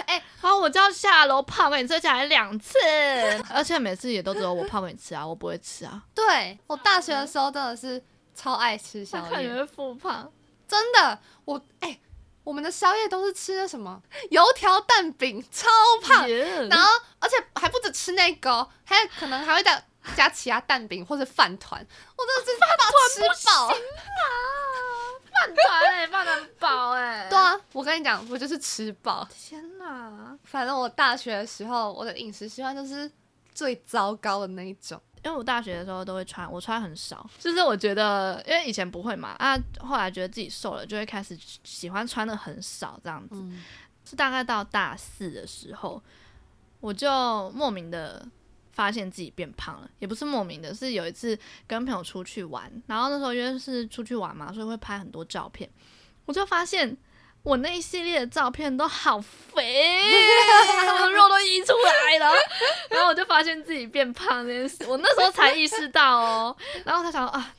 Speaker 2: 哎、 *laughs* 欸，好、啊，我就要下樓泡給你吃下來兩
Speaker 1: 次， *laughs* 而且每次也都只有我泡給你吃啊，我不會吃啊。
Speaker 2: 對，我大學的時候真的是超愛吃宵夜，我看你會復胖。真的，我哎、欸，我們的宵夜都是吃的什麼油條、蛋餅，超胖。Yeah 然後，而且還不止吃那個，還有可能還會再加其他蛋餅或者飯糰。我真的是怕吃飽 *laughs*
Speaker 1: 飯團哎，飯團
Speaker 2: 飽哎。 *laughs* 欸、對啊，我跟你講，我就是吃飽。天哪！反正我大學的時候，我的飲食習慣就是最糟糕的那一種。因為我大學的時候都會穿，我穿很少，
Speaker 1: 就是我覺得，因為以
Speaker 2: 前不會嘛，啊，後
Speaker 1: 來覺得自己瘦了，就會開始喜歡穿的很少這樣子。嗯、是大概到大四的時候，我就莫名的。發現自己變胖了，也不是莫名的，是有一次跟朋友出去玩，然後那時候因為是出去玩嘛，所以會拍很多照片，我就發現我那一系列的照片都好肥， *laughs* 我的肉都溢出來了， *laughs* 然後我就發現自己變胖這件事， *laughs* 我那時候才意識到哦，然後他想啊，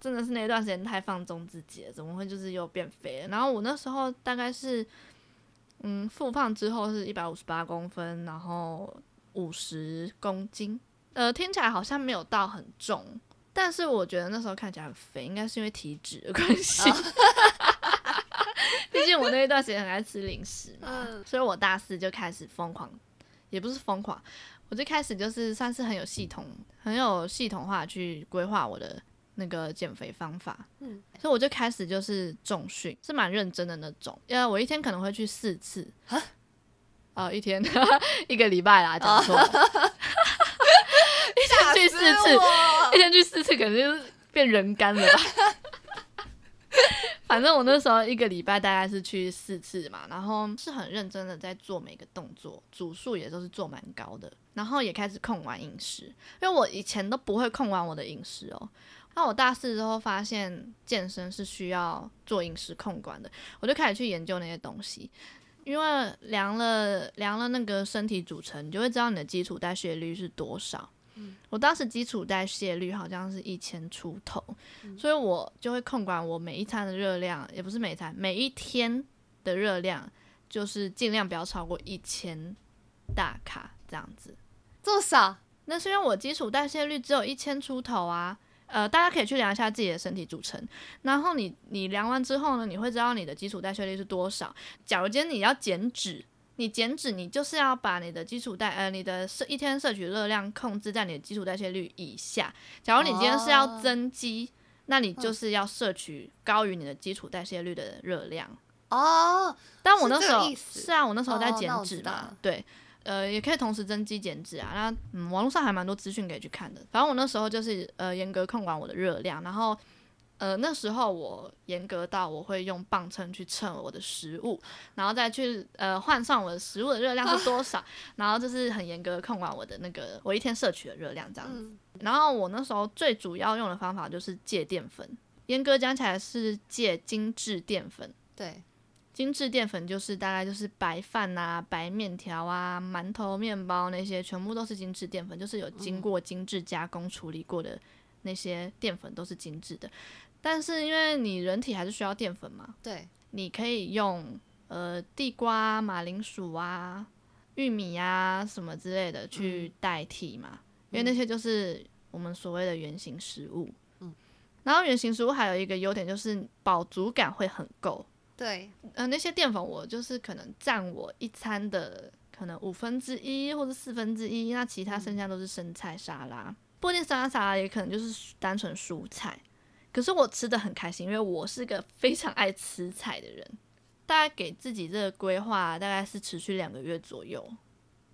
Speaker 1: 真的是那一段時間太放縱自己了，怎麼會就是又變肥了？然後我那時候大概是嗯復胖之後是一百五十八公分，然後。五十公斤，呃，聽起來好像沒有到很重，但是我覺得那時候看起來很肥，應該是因為體脂的關係。畢、哦、 *laughs* *laughs* 竟我那一段時間很愛吃零食嘛，嗯、所以我大四就開始瘋狂，也不是瘋狂，我最開始就是算是很有系統，很有系統化去規劃我的那個減肥方法。嗯，所以我就開始就是重訓，是蠻認真的那種，因、呃、為我一天可能會去四次。哦，一天 *laughs* 一個禮拜啦，講錯。 *laughs* 一天去四次，一天去四次，可能就是變人乾了吧。 *laughs* 反正我那時候一個禮拜大概是去四次嘛，然後是很認真的在做每個動作，組數也都是做蠻高的，然後也開始控管飲食，因為我以前都不會控管我的飲食哦。那我大四之後發現健身是需要做飲食控管的，我就開始去研究那些東西。因為量了量了那個身體組成，你就會知道你的基礎代謝率是多少。嗯，我當時基礎代謝率好像是一千出頭，嗯，所以我就會控管我每一餐的熱量，也不是每一餐，每一天的熱量，就是盡量不要超過一千大卡這樣子。這麼少？那是因為我基礎代謝率只有一千出頭啊。呃，大家可以去量一下自己的身體組成，然後你你量完之後呢，你會知道你的基礎代謝率是多少。假如今天你要減脂，你減脂你就是要把你的基礎代，呃你的攝一天攝取熱量控制在你的基礎代謝率以下。假如你今天是要增肌，哦、那你就是要攝取高於你的基礎代謝率的熱量。哦，但我那時候是，是啊，我那時候在減脂嘛，哦、對。呃，也可以同時增肌減脂啊。那嗯，網絡上還蠻多資訊可以去看的。反正我那時候就是呃，嚴格控管我的熱量，然後呃，那時候我嚴格到我會用磅秤去稱我的食物，然後再去呃換算我的食物的熱量是多少，啊、然後就是很嚴格控管我的那個我一天攝取的熱量這樣子。嗯、然後我那時候最主要用的方法就是戒澱粉，嚴格講起來是戒精致澱粉。對。精緻澱粉就是大概就是白飯啊、白麵條啊、饅頭、麵包那些，全部都是精緻澱粉，就是有經過精緻加工處理過的那些澱粉、嗯、都是精緻的。但是因為你人體還是需要澱粉嘛，對，你可以用呃地瓜、啊、馬鈴薯啊、玉米呀、啊、什麼之類的去代替嘛，嗯、因為那些就是我們所謂的原型食物。嗯，然後原型食物還有一個優點就是飽足感會很夠。對，呃，那些澱粉我就是可能占我一餐的可能五分之一或者四分之一，4, 那其他剩下都是生菜沙拉，嗯、不一定沙拉沙拉也可能就是單純蔬菜。可是我吃得很開心，因為我是個非常愛吃菜的人。大概給自己這個規劃大概是持續兩個月左右，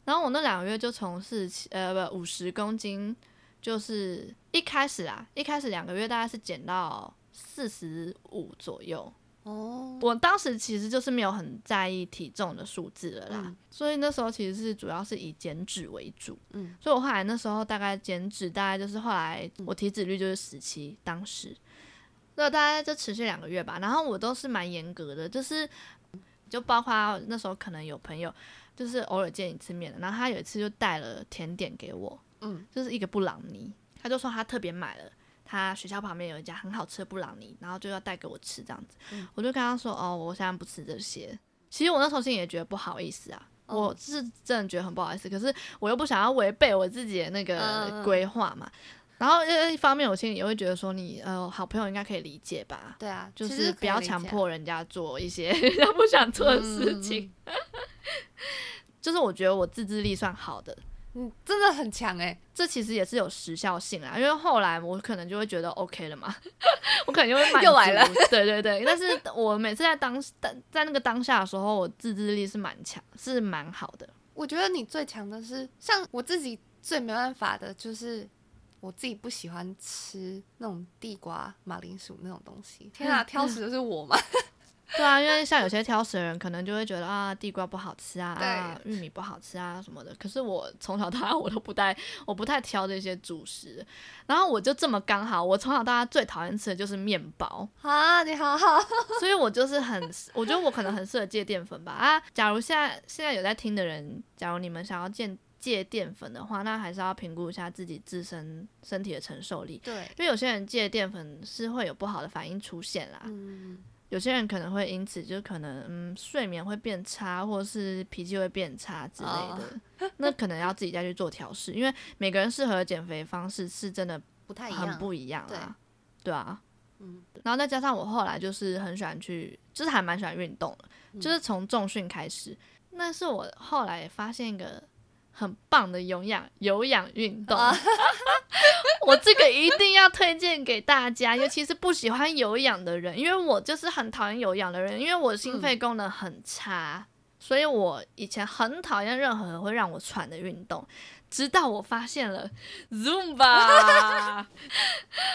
Speaker 1: 然後我那兩個月就從四十七呃不五十公斤，就是一開始啊，一開始兩個月大概是減到四十五左右。哦，oh. 我當時其實就是沒有很在意體重的數字了啦，嗯，所以那時候其實是主要是以減脂為主。嗯，所以我後來那時候大概減脂，大概就是後來我體脂率就是十七，當時，那大概就持續兩個月吧。然後我都是蠻嚴格的，就是就包括那時候可能有朋友，就是偶爾見一次面的，然後他有一次就帶了甜點給我，嗯，就是一個布朗尼，他就說他特別買了。他學校旁邊有一家很好吃的布朗尼，然後就要帶給我吃這樣子，嗯、我就跟他說哦，我現在不吃這些。其實我那時候心裡也覺得不好意思啊，哦、我是真的覺得很不好意思，可是我又不想要違背我自己的那個規劃嘛。嗯、然後一方面我心裡也會覺得說你，你呃好朋友應該可以理解吧？
Speaker 2: 對啊，就是就、啊、不要強迫
Speaker 1: 人家做一些他不想做的事情。嗯、 *laughs* 就是我覺得我自制力算好的。嗯，真的很強哎、欸，這其實也是有時效性啊，因為後來我可能就會覺得 OK 了嘛，我可能就會滿足。就 *laughs* 又來了， *laughs* 對對對。但是我每次在當在，在那個當下的時候，我自制力是蠻強，是蠻
Speaker 2: 好的。我覺得你最強的是，像我自己最沒辦法的就是，我自己不喜歡吃那種地瓜、馬鈴薯那種東西。天啊，挑食的是我嗎？ *laughs*
Speaker 1: *laughs* 對啊，因為像有些挑食的人，可能就會覺得啊，地瓜不好吃啊，啊玉米不好吃啊什麼的。可是我從小到大我都不太，我不太挑這些主食。然後我就這麼剛好，我從小到大最討厭吃的就是麵包。
Speaker 2: 好啊，你好好。
Speaker 1: *laughs* 所以我就是很，我覺得我可能很適合戒澱粉吧啊。假如現在現在有在聽的人，假如你們想要戒戒澱粉的話，那還是要評估一下自己自身身體的承受力。對，因為有些人戒澱粉是會有不好的反應出現啦。嗯。有些人可能會因此就可能嗯，睡眠會變差，或是脾氣會變差之類的，Oh. *laughs* 那可能要自己再去做調試，因為每個人適合的減肥方式是真的不太一樣，很不一樣啊，樣對，對啊，嗯、對，然後再加上我後來就是很喜歡去，就是還蠻喜歡運動，就是從重訓開始，嗯、那是我後來發現一個。很棒的有氧有氧運動， *laughs* 我這個一定要推薦給大家，尤其是不喜歡有氧的人，因為我就是很討厭有氧的人，對因為我心肺功能很差，嗯、所以我以前很討厭任何人會讓我喘的運動，直到我發現了 Zumba，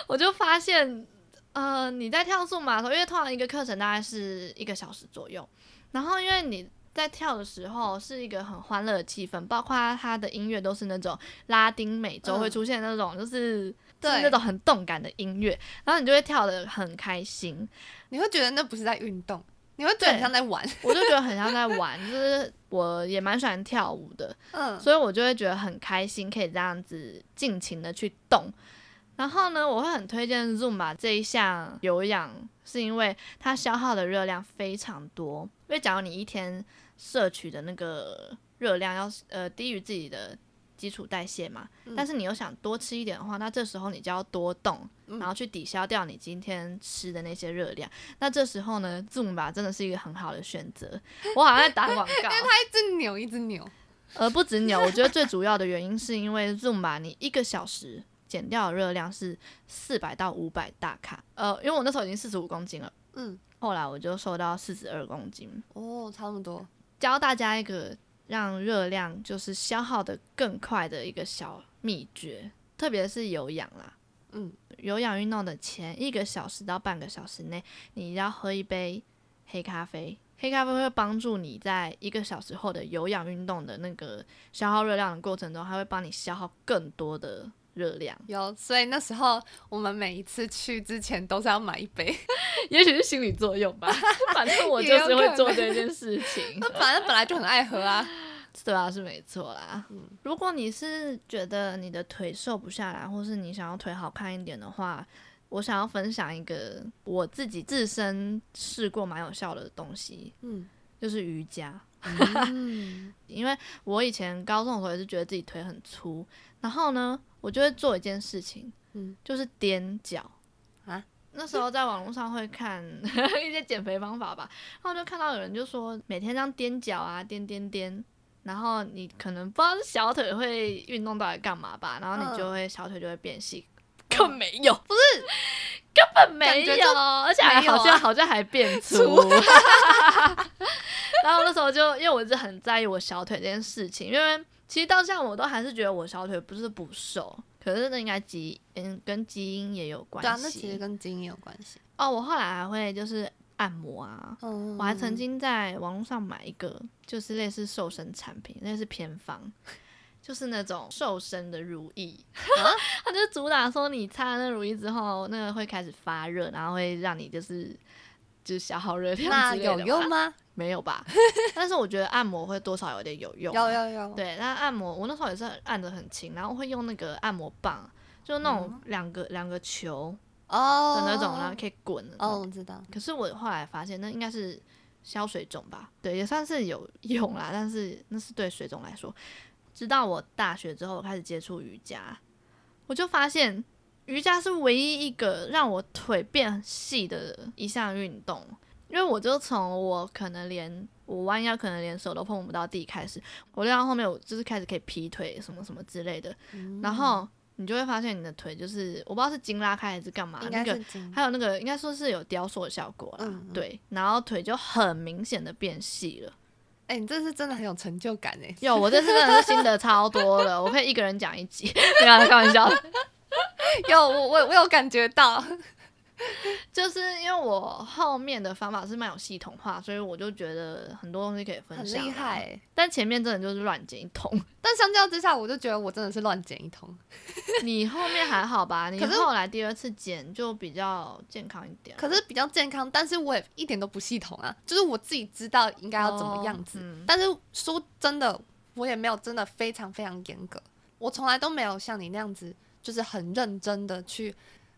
Speaker 1: 我就發現，嗯、呃，你在跳 Zumba 的時候，因為通常一個課程大概是一個小時左右，然後因為你。在跳的時候是一個很歡樂的氣氛，包括它的音樂都是那種拉丁美洲會出現的那種就是、嗯、就是那種很動感的音樂，然後你就會跳得很開心，你會覺得那不是在運動，你會覺得很像在玩，我就覺得很像在玩， *laughs* 就是我也蠻喜歡跳舞的，嗯，所以我就會覺得很開心，可以這樣子盡情的去動。然後呢，我會很推薦 Zumba 這一項有氧，是因為它消耗的熱量非常多。因為假如你一天攝取的那個熱量要呃低於自己的基礎代謝嘛，嗯、但是你又想多吃一點的話，那這時候你就要多動，然後去抵消掉你今天吃的那些熱量。嗯、那這時候呢，Zoom 吧真的是一個很好的選擇。
Speaker 2: 我好像在打廣告，因為它一直扭一直扭，直
Speaker 1: 扭呃不止扭。我覺得最主要的原因是因為 Zoom 吧，你一個小時減掉的熱量是四百到五百大卡。呃，因為我那時候已經四十五公斤了。嗯。後來我就瘦到四十二公斤
Speaker 2: 哦，差不多。
Speaker 1: 教大家一個讓熱量就是消耗得更快的一個小秘訣，特別是有氧啦。嗯，有氧運動的前一個小時到半個小時內，你要喝一杯黑咖啡。黑咖啡會幫助你在一個小時後的有氧運動的那個消耗熱量的過程中，它會幫你消耗更多的熱量有，
Speaker 2: 所以那時候我們每一次去之前都是要買一杯， *laughs* 也許是心理作用吧。 *laughs* 反正我就是會做這件事情。那反正本來就很愛喝啊，
Speaker 1: *laughs* 對啊，是沒錯啦。嗯，如果你是覺得你的腿瘦不下來，或是你想要腿好看一點的話，我想要分享一個我自己自身試過蠻有效的東西，嗯，就是瑜伽。 *laughs* *laughs* 因為我以前高中的時候也是覺得自己腿很粗，然後呢。我就會做一件事情，嗯，就是踮腳啊。那時候在網絡上會看 *laughs* 一些減肥方法吧，然後就看到有人就說，每天這樣踮腳啊，踮踮踮，然後你可能不知道是小腿會運動到底幹嘛吧，然後你就會、嗯、小腿就會變細，更沒有，不是，根本沒有，而且還好像好像還變粗。沒有啊、 *laughs* *laughs* 然後那時候就，因為我一直很在意我小腿這件事情，因為。其實到現在，我都還是覺得我小腿不是不瘦，可是那應該基因跟基因也有關係。對啊，那其實跟
Speaker 2: 基因也有關係。
Speaker 1: 哦，我後來還會就是按摩啊，嗯、我還曾經在網絡上買一個就是類似瘦身產品，類似偏方，就是那種瘦身的乳液， *laughs* 它就主打說你擦了那乳液之後，那個會開始發熱，然後會讓你就是。消耗熱量，那有用嗎？沒有吧， *laughs* 但是我覺得按摩會多少有點有用、啊。有有有，對，那按摩我那時候也是按的很輕，然後我會用那個按摩棒，就那種兩個兩、嗯、個球
Speaker 2: 的那種，oh、然後可以
Speaker 1: 滾的那種。Oh,
Speaker 2: 我知道。可是
Speaker 1: 我後來發現，那應該是消水腫吧？對，也算是有用啦，但是那是對水腫來說。直到我大學之後開始接觸瑜伽，我就發現。瑜伽是唯一一個讓我腿變細的一項運動，因為我就從我可能連我彎腰可能連手都碰不到地開始，我練到後面我就是開始可以劈腿什麼什麼之類的，嗯、然後你就會發現你的腿就是我不知道是筋拉開還是幹嘛，那個還有那個應該說是有雕塑的效果啦，嗯嗯對，然後腿就很明顯的變細了。哎、欸，你這是真的很有成就感
Speaker 2: 哎、欸！喲，我這次真的是
Speaker 1: 心得超多了， *laughs* 我可以一個人講一集，不要 *laughs* 開玩笑。
Speaker 2: 有我我我有感覺到，
Speaker 1: 就是因為我後面的方法是蠻有系統化，所以我就覺得很多東西可以分享。很厲害，但前面真的就是亂減一通。但相較之下，我就覺
Speaker 2: 得我真的是亂減一通。你後面還好吧？你後來
Speaker 1: 第二次減就比較健康一點可。可
Speaker 2: 是比較健康，但是我也一點都不系統啊。就是我自己知道應該要怎麼樣子，哦、嗯，但是說真的，我也沒有真的非常非常嚴格。我從來都沒有像你那樣子。就是很認真的去，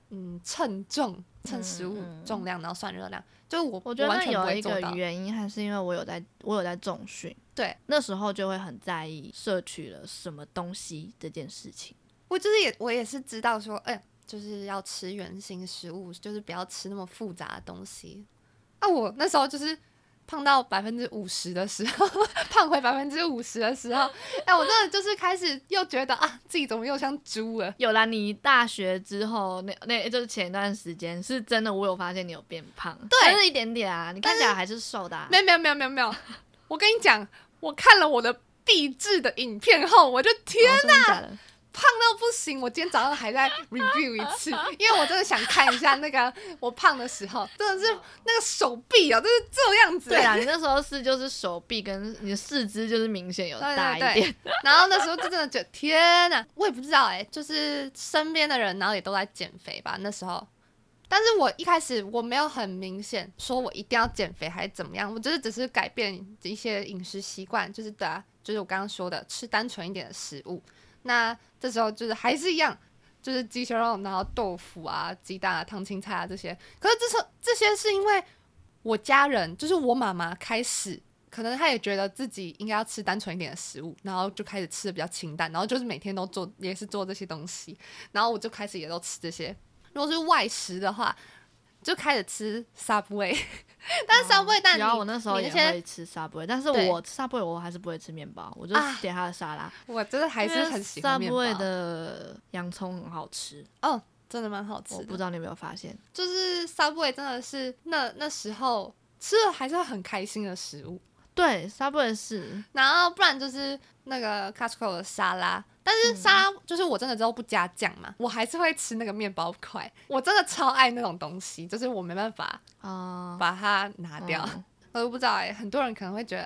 Speaker 2: 嗯，稱重、稱食物重量，然後算熱量。嗯、就是我，我覺得有一個原
Speaker 1: 因，還是因為我有在，我有在重訓。對、嗯，那時候就會很在意攝取了什麼東西這件事情。
Speaker 2: 我就是也，我也是知道說，哎、欸，就是要吃原型食物，就是不要吃那麼複雜的東西。啊，我那時候就是。胖到百分之五十的時候，胖回百分之五十的時候，哎、欸，我真的就是開始又覺得 *laughs* 啊，自己怎麼又像豬了？有啦，你大
Speaker 1: 學之後那那就是前一段時間，是真的，我有發現你有變胖，真對、啊就是一點
Speaker 2: 點啊，你看起來還是瘦的、啊是。沒有沒有沒有沒有沒有，沒有沒有 *laughs* 我跟你講，我看了我的畢製的影片後，我就天哪！哦胖到不行！我今天早上還在 review 一次，因為我真的想看一下那個 *laughs* 我胖的時候，真的是那個手臂喔，就是這樣子欸。對啊，你那時候是就是手臂跟你的四肢就是明顯有大一點。對對對，然後那時候就真的覺得天啊！我也不知道欸，就是身邊的人，然後也都在減肥吧。那時候，但是我一開始我沒有很明顯說我一定要減肥還是怎麼樣，我就是只是改變一些飲食習慣，就是對啊，就是我剛剛說的吃單純一點的食物。那這時候就是還是一樣，就是雞胸肉，然後豆腐啊、雞蛋啊、燙青菜啊這些。可是這時候這些是因為我家人，就是我媽媽開始，可能她也覺得自己應該要吃單純一點的食物，然後就開始吃的比較清淡，然後就是每天都做，也是做這些東西，然後我就開始也都吃這些。如果是外食的話，就開始吃 Subway，但是 Subway，當然，然後你我那時候也會
Speaker 1: 吃 Subway，但是我對 Subway 我還是不會吃麵包，我就點它的沙拉。啊、
Speaker 2: 我真的還是很喜歡 Subway
Speaker 1: 的洋蔥，很好吃
Speaker 2: 哦，真的蠻好吃。我不知道你有沒有發現，就是 Subway 真的是那那時候吃了還是很開心的食物。 對，Subway 是，然後不然就是那個 Costco 的沙拉。但是沙拉就是我真的都不加醬嘛，嗯啊、我還是會吃那個麵包塊，我真的超愛那種東西，就是我沒辦法啊把它拿掉。嗯、我都不知道、欸、很多人可能會覺得，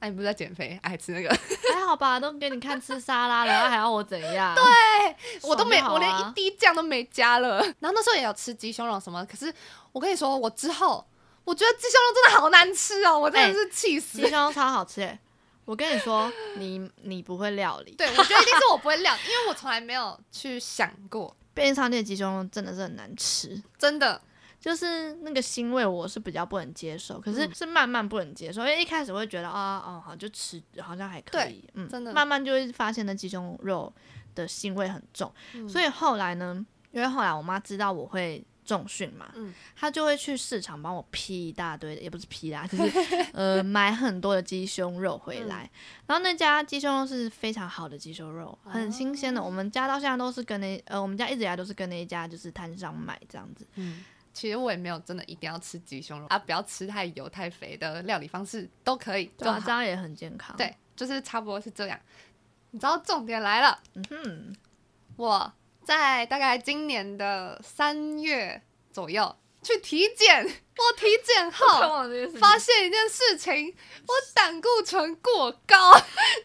Speaker 2: 哎、啊、你不是在減肥，愛吃那個？還好吧，都給你看吃沙拉了， *laughs* 還要我怎樣？對，啊、我都沒，我連一滴醬都沒加了。然後那時候也有吃雞胸肉什麼，可是我跟你說，我之後我覺得雞胸肉真的好難吃哦，我真的是氣死。欸、雞胸肉超好吃哎、欸。 *laughs* 我跟你說，
Speaker 1: 你你不會料理。對，我覺得一定是我
Speaker 2: 不會料理， *laughs* 因為我從來沒有
Speaker 1: 去想過。便利商店雞胸肉真的是很難吃，真的就是那個腥味，我是比較不能接受。可是是慢慢不能接受，嗯、因為一開始會覺得啊、哦，哦，好就吃，好像還可以。對嗯，真的。慢慢就會發現那雞胸肉的腥味很重，嗯、所以後來呢，因為後來我媽知道我會重訓嘛，他就會去市場幫我批一大堆的，也不是批啦，啊，就是呃買很多的雞胸肉回來。然後那家雞胸肉是非常好的雞胸肉，很新鮮的。我們家到現在都是跟那呃，我們家一直以來都
Speaker 2: 是跟那一家就是攤上買這樣子。嗯，其實我也沒有真的一定要吃雞胸肉啊，不要吃太油太肥的料理方式都可以，對，啊，這樣也很健康。對，就是差不多是這樣。你知道重點來了，嗯哼，我。在大概今年的三月左右去體檢，我體檢後發現一件事情，我膽固醇過高，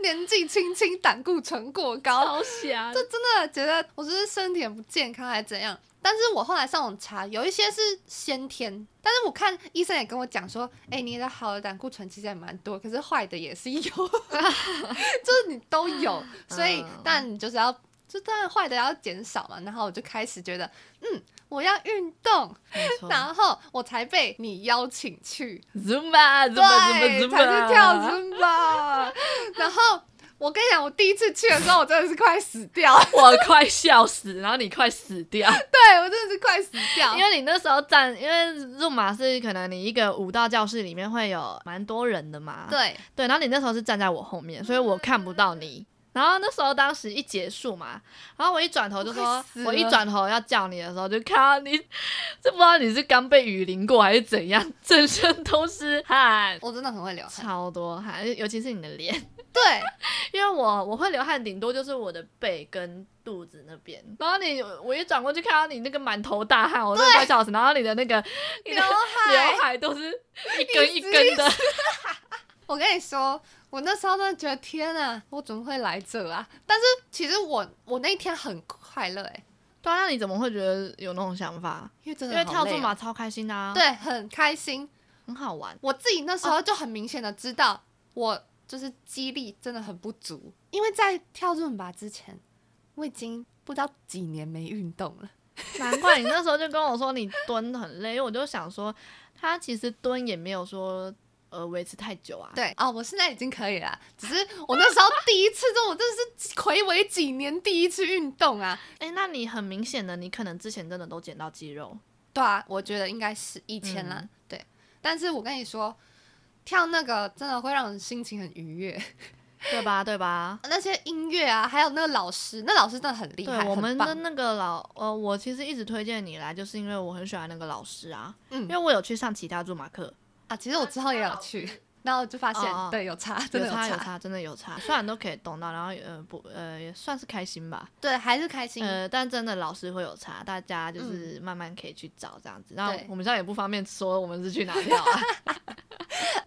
Speaker 2: 年紀輕輕膽固醇過高，好這強真的覺得我是不是身體也不健康，還怎樣？但是我後來上網查，有一些是先天，但是我看醫生也跟我講說，誒、欸，你的好的膽固醇其實也蠻多，可是壞的也是有， *laughs* *laughs* 就是你都有，所以、嗯、但你就是要。就當然壞的要減少嘛，然後我就開始覺得，嗯，我要運動，沒錯，然後我才被你邀請去 Zoom 吧，Zoom 啊、對，啊、才是跳 Zoom 吧、啊。 *laughs* 然後我跟你講，我第一次去的時候，我真的是快死掉， *laughs* 我快
Speaker 1: 笑死，然後你快死掉，對我真的是快死掉，因為你那時候站，因為 Zoom 吧是可能你一個舞蹈教室裡面會有蠻多人的嘛，對對，然後你那時候是站在我後面，所以我看不到你。嗯然後那時候，當時一結束嘛，然後我一轉頭就說，我，我一轉頭要叫你的時候，就看到你，就不知道你是剛被雨淋過還是怎樣，整身都是汗。我真的很會流超多汗，尤其是你的臉。對， *laughs* 因為我我會流汗，頂多就是我的背跟肚子那邊。然後你我一轉過去看到你那個滿頭大汗，哦，我都快笑死。對然後你的那個劉海劉海都是一根一根的。
Speaker 2: 我跟你說，我那時候真的覺得天啊，我怎麼會來這啊？但是其實我我那一天很快樂誒、欸。對啊，那你怎麼會覺得
Speaker 1: 有那種想法？因
Speaker 2: 為真的、哦、因為跳縱馬超開心啊！對，很開心，很好玩。我自己那時候就很明顯的知道，我就是肌力真的很不足，啊、因為在跳縱馬之前，我已經不知道幾年沒運動了。 *laughs* 難怪
Speaker 1: 你那時候就跟我說你蹲很累，因為我就想說，他其實蹲也沒有說。呃，維持太久啊？
Speaker 2: 對啊、哦，我現在已經可以了，只是我那時候第一次，就 *laughs* 我真的是睽違幾年第一次運動啊。哎、欸，那你很明顯的，
Speaker 1: 你可能之前真的都減到肌肉。
Speaker 2: 對啊，我覺得應該是一千了。嗯、對，但是我跟你說，跳那個真的會讓人心情很愉悅，對吧？對吧？那些音樂啊，還有那個老師，那老師真的很厲害。對棒我們的那個老，呃，
Speaker 1: 我其實一直推薦你來，就是因為我很喜歡那個老師啊。嗯。因為我有去上其他 Zumba 課。啊，
Speaker 2: 其實我之後也有去，啊、 *laughs* 然後就發現，哦哦對，有差，真的有差，有差，有差，真的有差。 *laughs* 雖然都
Speaker 1: 可以懂到，然後呃不，呃也算是開心吧。
Speaker 2: 對，還是開心，呃，但
Speaker 1: 真的老師會有差，大家就是慢慢可以去找這樣子。嗯、然後我們現在也不方便說我們是去哪跳，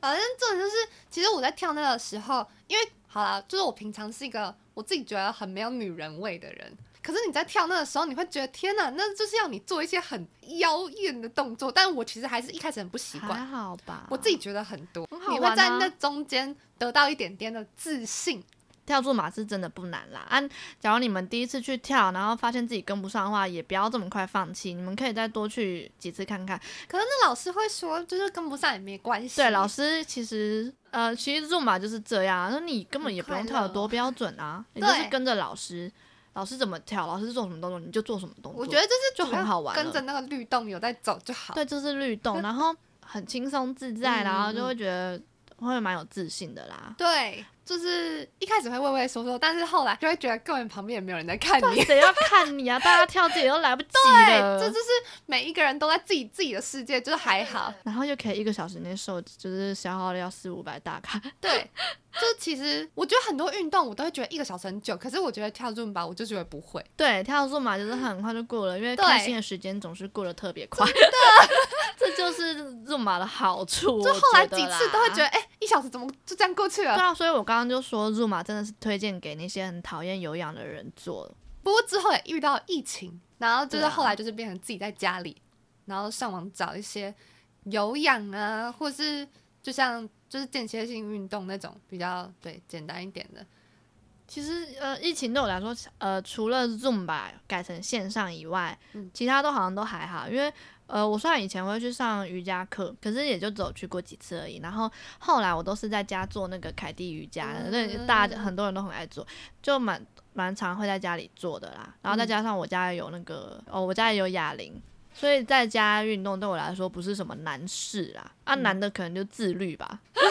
Speaker 2: 反正重點就是，其實我在跳那個時候，因為好啦，就是我平常是一個我自己覺得很沒有女人味的人。可是你在跳那個時候，你會覺得天吶，那就是要你做一些很妖豔的動作。但我其實還是一開始很不習慣，還好吧，我自己覺得很多，很好玩啊，你會在那中間得到一點點的自信。
Speaker 1: 跳坐馬是真的不難啦，啊，假如你們第一次去跳，然後發現自己跟不上的話，也不要這麼快放棄，你們可以再多去幾次看看。可是那老師會說，就是跟不上
Speaker 2: 也沒關係。對，老師
Speaker 1: 其實呃，其實坐馬就是這樣，那你根本也不用跳得多標準啊，你就是跟着老師。老師怎麼跳，老師做什麼動作，你就做什麼動作。我覺得這是就很好玩，跟着那個律動有在走就好。對，就是律動，然後很輕鬆自在、嗯、然後就會覺得會蠻有自信的啦。
Speaker 2: 對。就是一開始會畏畏縮縮，但是後來就會覺得，根本旁邊也沒有人在看你，誰要看你啊？大家跳自己都來不及了。對，這就是每一個人都在自己自己的世界，就是還好。然後就可以一個小時內瘦，就是消耗了要四五百大卡。對，就其實我覺得很多運動我都會覺得一個小時很久，可是我覺得跳入馬我就覺得不會。對，跳入馬就是很快就過
Speaker 1: 了，因為開心的時間總是過得特別快。對，這就是入馬的好處。就後來幾次都會覺得，哎，一小時怎麼就這樣過去了？對啊，所以我剛。剛剛就說 Zumba 啊，真的是推薦給那些很討厭有氧的人做。
Speaker 2: 不過之後也遇到疫情，然後就是後來就是變成自己在家裡，嗯、然後上網找一些有氧啊，或是就像就是間歇性運動那種比較對簡單一點的。
Speaker 1: 其實呃，疫情對我來說，呃，除了 Zumba 吧改成線上以外，嗯、其他都好像都還好，因為。呃，我雖然以前會去上瑜伽課，可是也就只有去過幾次而已。然後後來我都是在家做那個凱蒂瑜伽，那、嗯、大家、嗯、很多人都很愛做，就蠻蠻常會在家裡做的啦。然後再加上我家也有那個、嗯、哦，我家也有啞鈴，所以在家運動對我來說不是什麼難事啦。啊，難的可能就自律吧，嗯、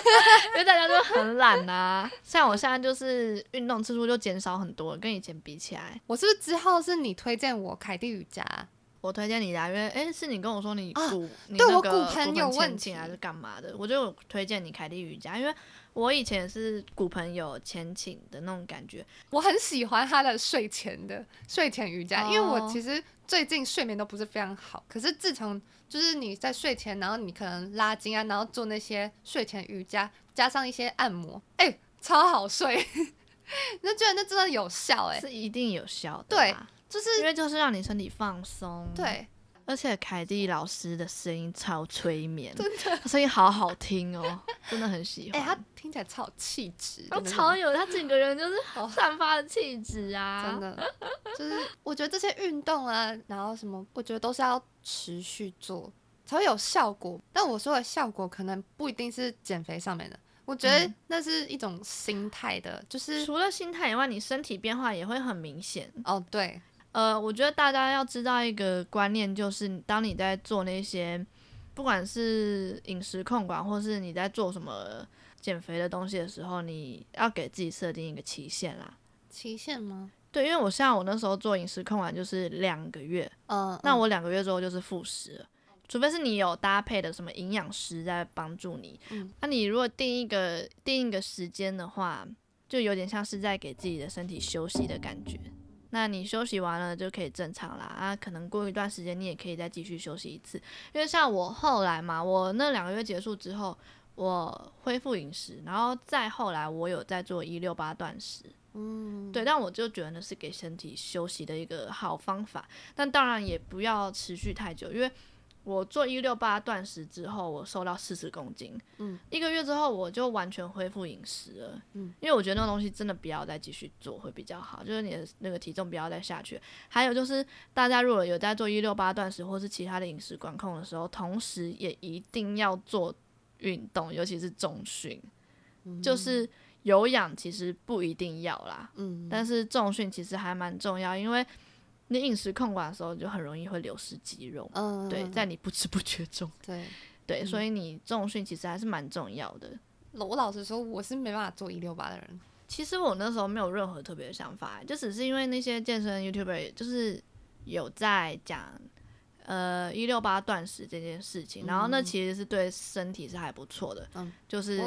Speaker 1: 因為大家都很懶啊。 *laughs* 像我現在就是運動次數就減少很多，跟以前比起來。
Speaker 2: 我是不是之後是你推薦我凱蒂瑜伽？我推薦你來，因為哎、欸，是你跟我說你骨，對，我骨盆有問題，骨盆前傾還是幹
Speaker 1: 嘛的？我就推薦你凱蒂瑜伽，因為我以前是骨盆有前傾的
Speaker 2: 那種感覺。我很喜歡他的睡前的睡前瑜伽，因為我其實最近睡眠都不是非常好。哦、可是自從就是你在睡前，然後你可能拉筋啊，然後做那些睡前瑜伽，加上一些按摩，哎、欸，超好睡。 *laughs* 那覺得那真的有效哎、欸，是一定有效的、啊。對。就是因為就是讓你身體放
Speaker 1: 鬆，對，而且凱蒂老師的聲音超催眠，真的，他聲音好好聽哦， *laughs* 真的很喜歡。哎、欸，
Speaker 2: 他聽起來超氣質，她超有，他整個人就是好散發的氣質啊，真的。就是我覺得這些運動啊，然後什麼，我覺得都是要持續做才會有效果。但我說的效果可能不一定是減肥上面的，我覺得那是一種心態的，嗯、就是除
Speaker 1: 了心態以外，你身體變化也會很明顯
Speaker 2: 哦。對。呃，我覺得大家要知道
Speaker 1: 一個觀念，就是當你在做那些，不管是飲食控管，或是你在做什麼減肥的東西的時候，你要給自己設定一個期限啦。
Speaker 2: 期限嗎？
Speaker 1: 對，因為我像我那時候做飲食控管就是兩個月，呃、那我兩個月之後就是復食，嗯、除非是你有搭配的什麼營養師在幫助你。那、嗯啊、你如果定一個定一個時間的話，就有點像是在給自己的身體休息的感覺。那你休息完了就可以正常啦啊，可能過一段時間你也可以再繼續休息一次，因為像我後來嘛，我那兩個月結束之後，我恢復飲食，然後再後來我有在做一六八斷食，嗯，對，但我就覺得那是給身體休息的一個好方法，但當然也不要持續太久，因為。我做一六八斷食之後，我瘦到四十公斤。嗯，一個月之後我就完全恢復飲食了。嗯，因為我覺得那種東西真的不要再繼續做會比較好，就是你的那個體重不要再下去。還有就是，大家如果有在做一六八斷食或是其他的飲食管控的時候，同時也一定要做運動，尤其是重訓。嗯哼，就是有氧其實不一定要啦，嗯哼，但是重訓其實還蠻重要，因為。你飲食控管的時候，就很容易會流失肌肉。嗯，對，在你不知不覺中，嗯、對對，所以你重訓其實還是蠻重要的。
Speaker 2: 我、嗯、老實說，我是沒辦法做一六八的人。其實我那
Speaker 1: 時候沒有任何特別的想法，就只是因為那些健身 YouTuber 就是有在講。呃，一六八斷食這件事情，然後那，其實是對身體是還不錯的，嗯，就是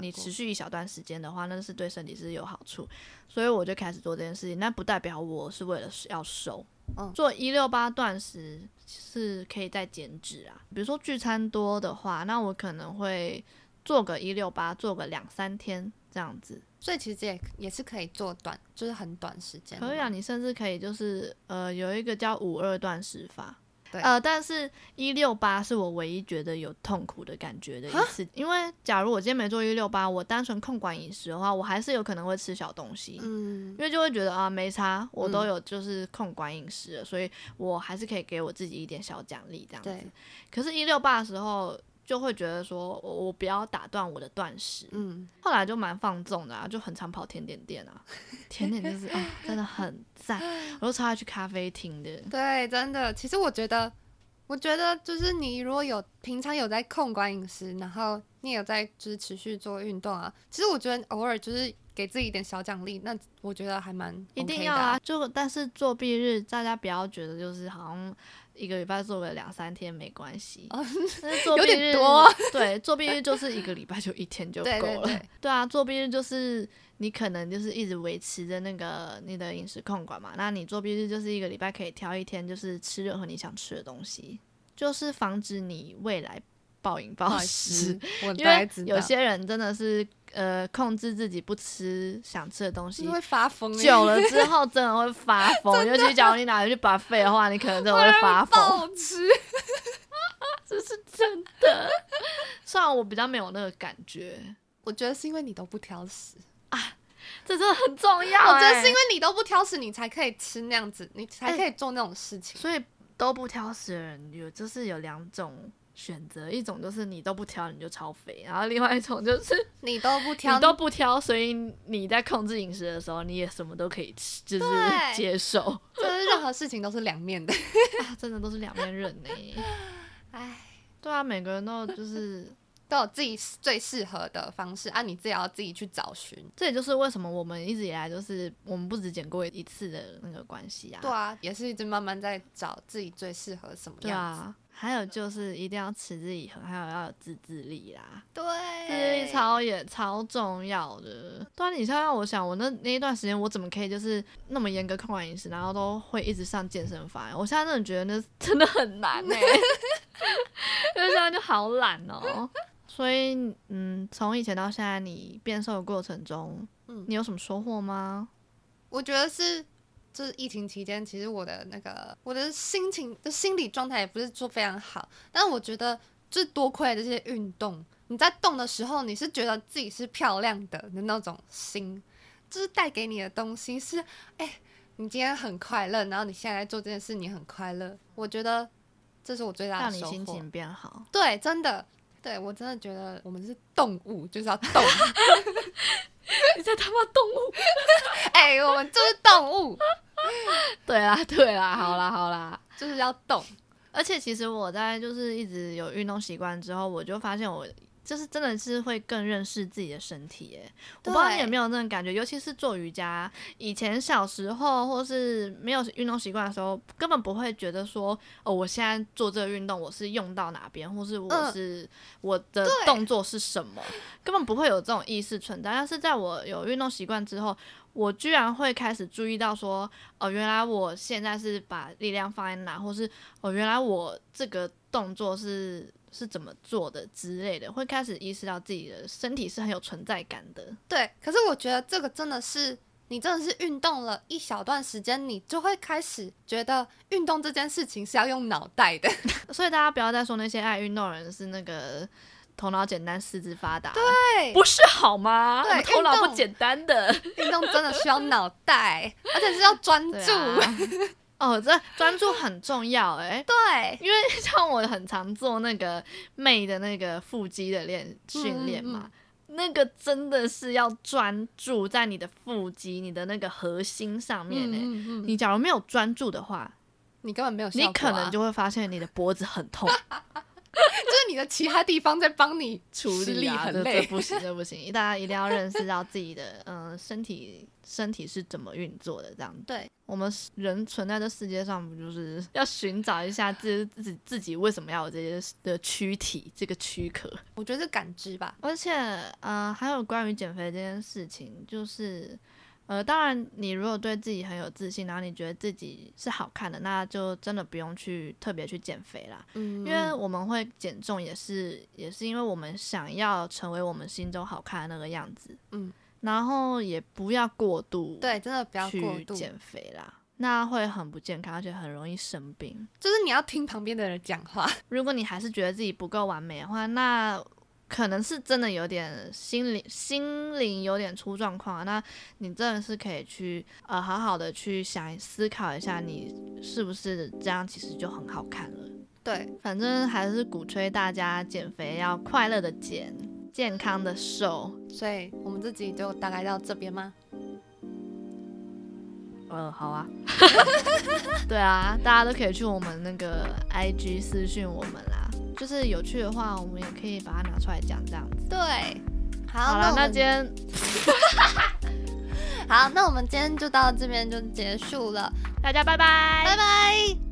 Speaker 1: 你持續一小段時間的話，那是對身體是有好處。所以我就開始做這件事情，那不代表我是為了要瘦。嗯，做一六八斷食是可以再減脂啊，比如說聚餐多的話，那我可能會做個一六八，做個兩三天這樣子。所以其實這也也是可以做短，就是很短時間。可以啊，你甚至可以就是呃，有一個叫五二斷食法。對呃，但是一六八是我唯一覺得有痛苦的感覺的一次，蛤因為假如我今天沒做一六八，我單純控管飲食的話，我還是有可能會吃小東西，嗯，因為就會覺得啊，呃，沒差，我都有就是控管飲食了，嗯，所以我還是可以給我自己一點小獎勵這樣子。對可是，一六八的時候。就會覺得說，我我不要打斷我的斷食。嗯，後來就蠻放縱的啊，就很常跑甜點店啊， *laughs* 甜點就是啊、哦，真的很讚。我都超愛去咖啡廳的。
Speaker 2: 對，真的。其實我覺得，我覺得就是你如果有平常有在控管飲食，然後你有在就是持續做運動啊，其實我覺得偶爾就是。給自己一點小獎勵，那我覺得還蠻、okay 的啊，一定要啊。
Speaker 1: 就但是作弊日，大家不要覺得就是好像一個禮拜做個兩三天沒關係，
Speaker 2: 哦、但是作弊日有點多，啊、對，
Speaker 1: 作弊日就是一個禮拜就一天就夠了。對，對，對，對啊，作弊日就是你可能就是一直維持着那個你的飲食控管嘛，那你作弊日就是一個禮拜可以挑一天，就是吃任何你想吃的東西，就是防止你未來。暴飲暴食，因為有些人真的是呃控制自己不吃想吃的東西，
Speaker 2: 久了之後，
Speaker 1: 真的會發瘋。尤其假如你哪一句去 buffet 的話，你可能真的會發瘋。暴
Speaker 2: 吃，這是真的。 *laughs* 雖然我比較沒有那個感覺，我覺得是因為你都不挑食啊，這真的很
Speaker 1: 重要。我覺得是因為你都不挑
Speaker 2: 食，你都不挑食你才可以吃那樣子，你才可以做那種事情。欸、所以
Speaker 1: 都不挑食的人有，就是有兩種。選擇一種就是你都不挑，你就超肥，然後另外一種就是
Speaker 2: 你都不挑，你都
Speaker 1: 不挑，所以你在控制飲食的時候你也什麼都可以吃，就是對接受，
Speaker 2: 就是任何事情都是兩面的，
Speaker 1: *laughs* 啊、真的都是兩面人呢。哎， *laughs* 對啊，每個人都有就是都
Speaker 2: 有自己最適合的方式啊，你自己要自己去找尋。
Speaker 1: 這也就是為什麼我們一直以來就是我們不止減過一次的那個關係啊。對啊，
Speaker 2: 也是一直慢慢在找自己最適合的什麼樣子。
Speaker 1: 還有就是一定要持之以恆，還有要有自制力啦。對，自制力超也超重要的。對啊，你想想，我想我那那一段時間，我怎麼可以就是那麼嚴格控管飲食，然後都會一直上健身房？我現在真的覺得那真的很難呢，因為現在就好懶哦、喔。所以，嗯，從以前到現在，你變瘦的過程中，嗯，你有什麼收穫嗎？
Speaker 2: 我覺得是。就是疫情期間，其實我的那個我的心情的心理狀態也不是說非常好，但我覺得就是多虧了這些運動，你在動的時候，你是覺得自己是漂亮的的那種心，就是帶給你的東西是，哎，你今天很快樂，然後你現在做這件事你很快樂，我覺得這是我最大的收穫，讓你心情變好，對，真的。對我真的覺得我們是動物，就是要動。 *laughs* *laughs* 你在他媽動物？哎、 *laughs* 欸，我們就是動物。 *laughs* 對啦，對啦，好啦，好啦，就是
Speaker 1: 要動。而且其實我在就是一直有運動習慣之後，我就發現我。就是真的是會更認識自己的身體，誒，我不知道你有沒有那種感覺，對尤其是做瑜伽。以前小時候或是沒有運動習慣的時候，根本不會覺得說，哦、呃，我現在做這個運動，我是用到哪邊，或是我是我的動作是什麼，對根本不會有這種意識存在。但是在我有運動習慣之後，我居然會開始注意到說，哦、呃，原來我現在是把力量放在哪，或是哦、呃，原來我這個動作是。是怎麼做的之類的，會開始意識到自己的身體是很有存在感的。
Speaker 2: 對，可是我覺得這個真的是，你真的是運動了一小段時間，你就會開始覺得運動這件事情是要用腦袋的。 *laughs* 所以大家不要再說那些愛運動的人是那個頭腦簡
Speaker 1: 單、四肢發達，對，不是好嗎？對頭腦不簡單的運動，運動真的需要腦袋， *laughs* 而且是要專注。 *laughs* 哦，這專注很重要哎、欸。 *laughs* 對，因為像我很常做那個妹的那個腹肌的練訓練嘛，嗯嗯嗯那個真的是要專注在你的腹肌、你的那個核心上面哎、欸。嗯嗯嗯你假如沒有專注的話，
Speaker 2: 你根本沒有效果、啊、你可能就
Speaker 1: 會發現你的脖子很痛。 *laughs*
Speaker 2: *laughs* 就是你的其他地方在幫你
Speaker 1: 處理啊，這這不行，這不行！ *laughs* 大家一定要認識到自己的嗯、呃、身體，身體是怎麼運作的，這樣子。對，我們人存在這世界上，不就是要尋找一下自己自己自己為什麼要有這些的軀體，這個軀殼？ *laughs* 我覺得是感知吧。而且，嗯、呃，還有關於減肥這件事情，就是。呃，當然，你如果對自己很有自信，然後你覺得自己是好看的，那就真的不用去特別去減肥啦。嗯，因為我們會減重也是也是因為我們想要成為我們心中好看的那個樣子。嗯，然後也不要過度去。對，真的不要過度減肥啦，那會很不健康，而且很容易生病。就是你要聽旁邊的人講話。如果你還是覺得自己不夠完美的話，那。可能是真的有點心靈心靈有點出狀況，那你真的是可以去呃好好的去想思考一下，你是不是這樣其實就很好看了。對，反正還是鼓吹大家減肥要快樂的減，健康的瘦。所以我們這集就大概到這邊嗎？呃、嗯，好啊， *laughs* 對啊，大家都可以去我們那個 IG 私訊我們啦，就是有趣的話，我們也可以把它拿出來講這樣
Speaker 2: 子。對，好，好了啦，那，那今天， *laughs* *laughs* 好，那我們今天就到這邊就結束了，大家拜拜，拜拜。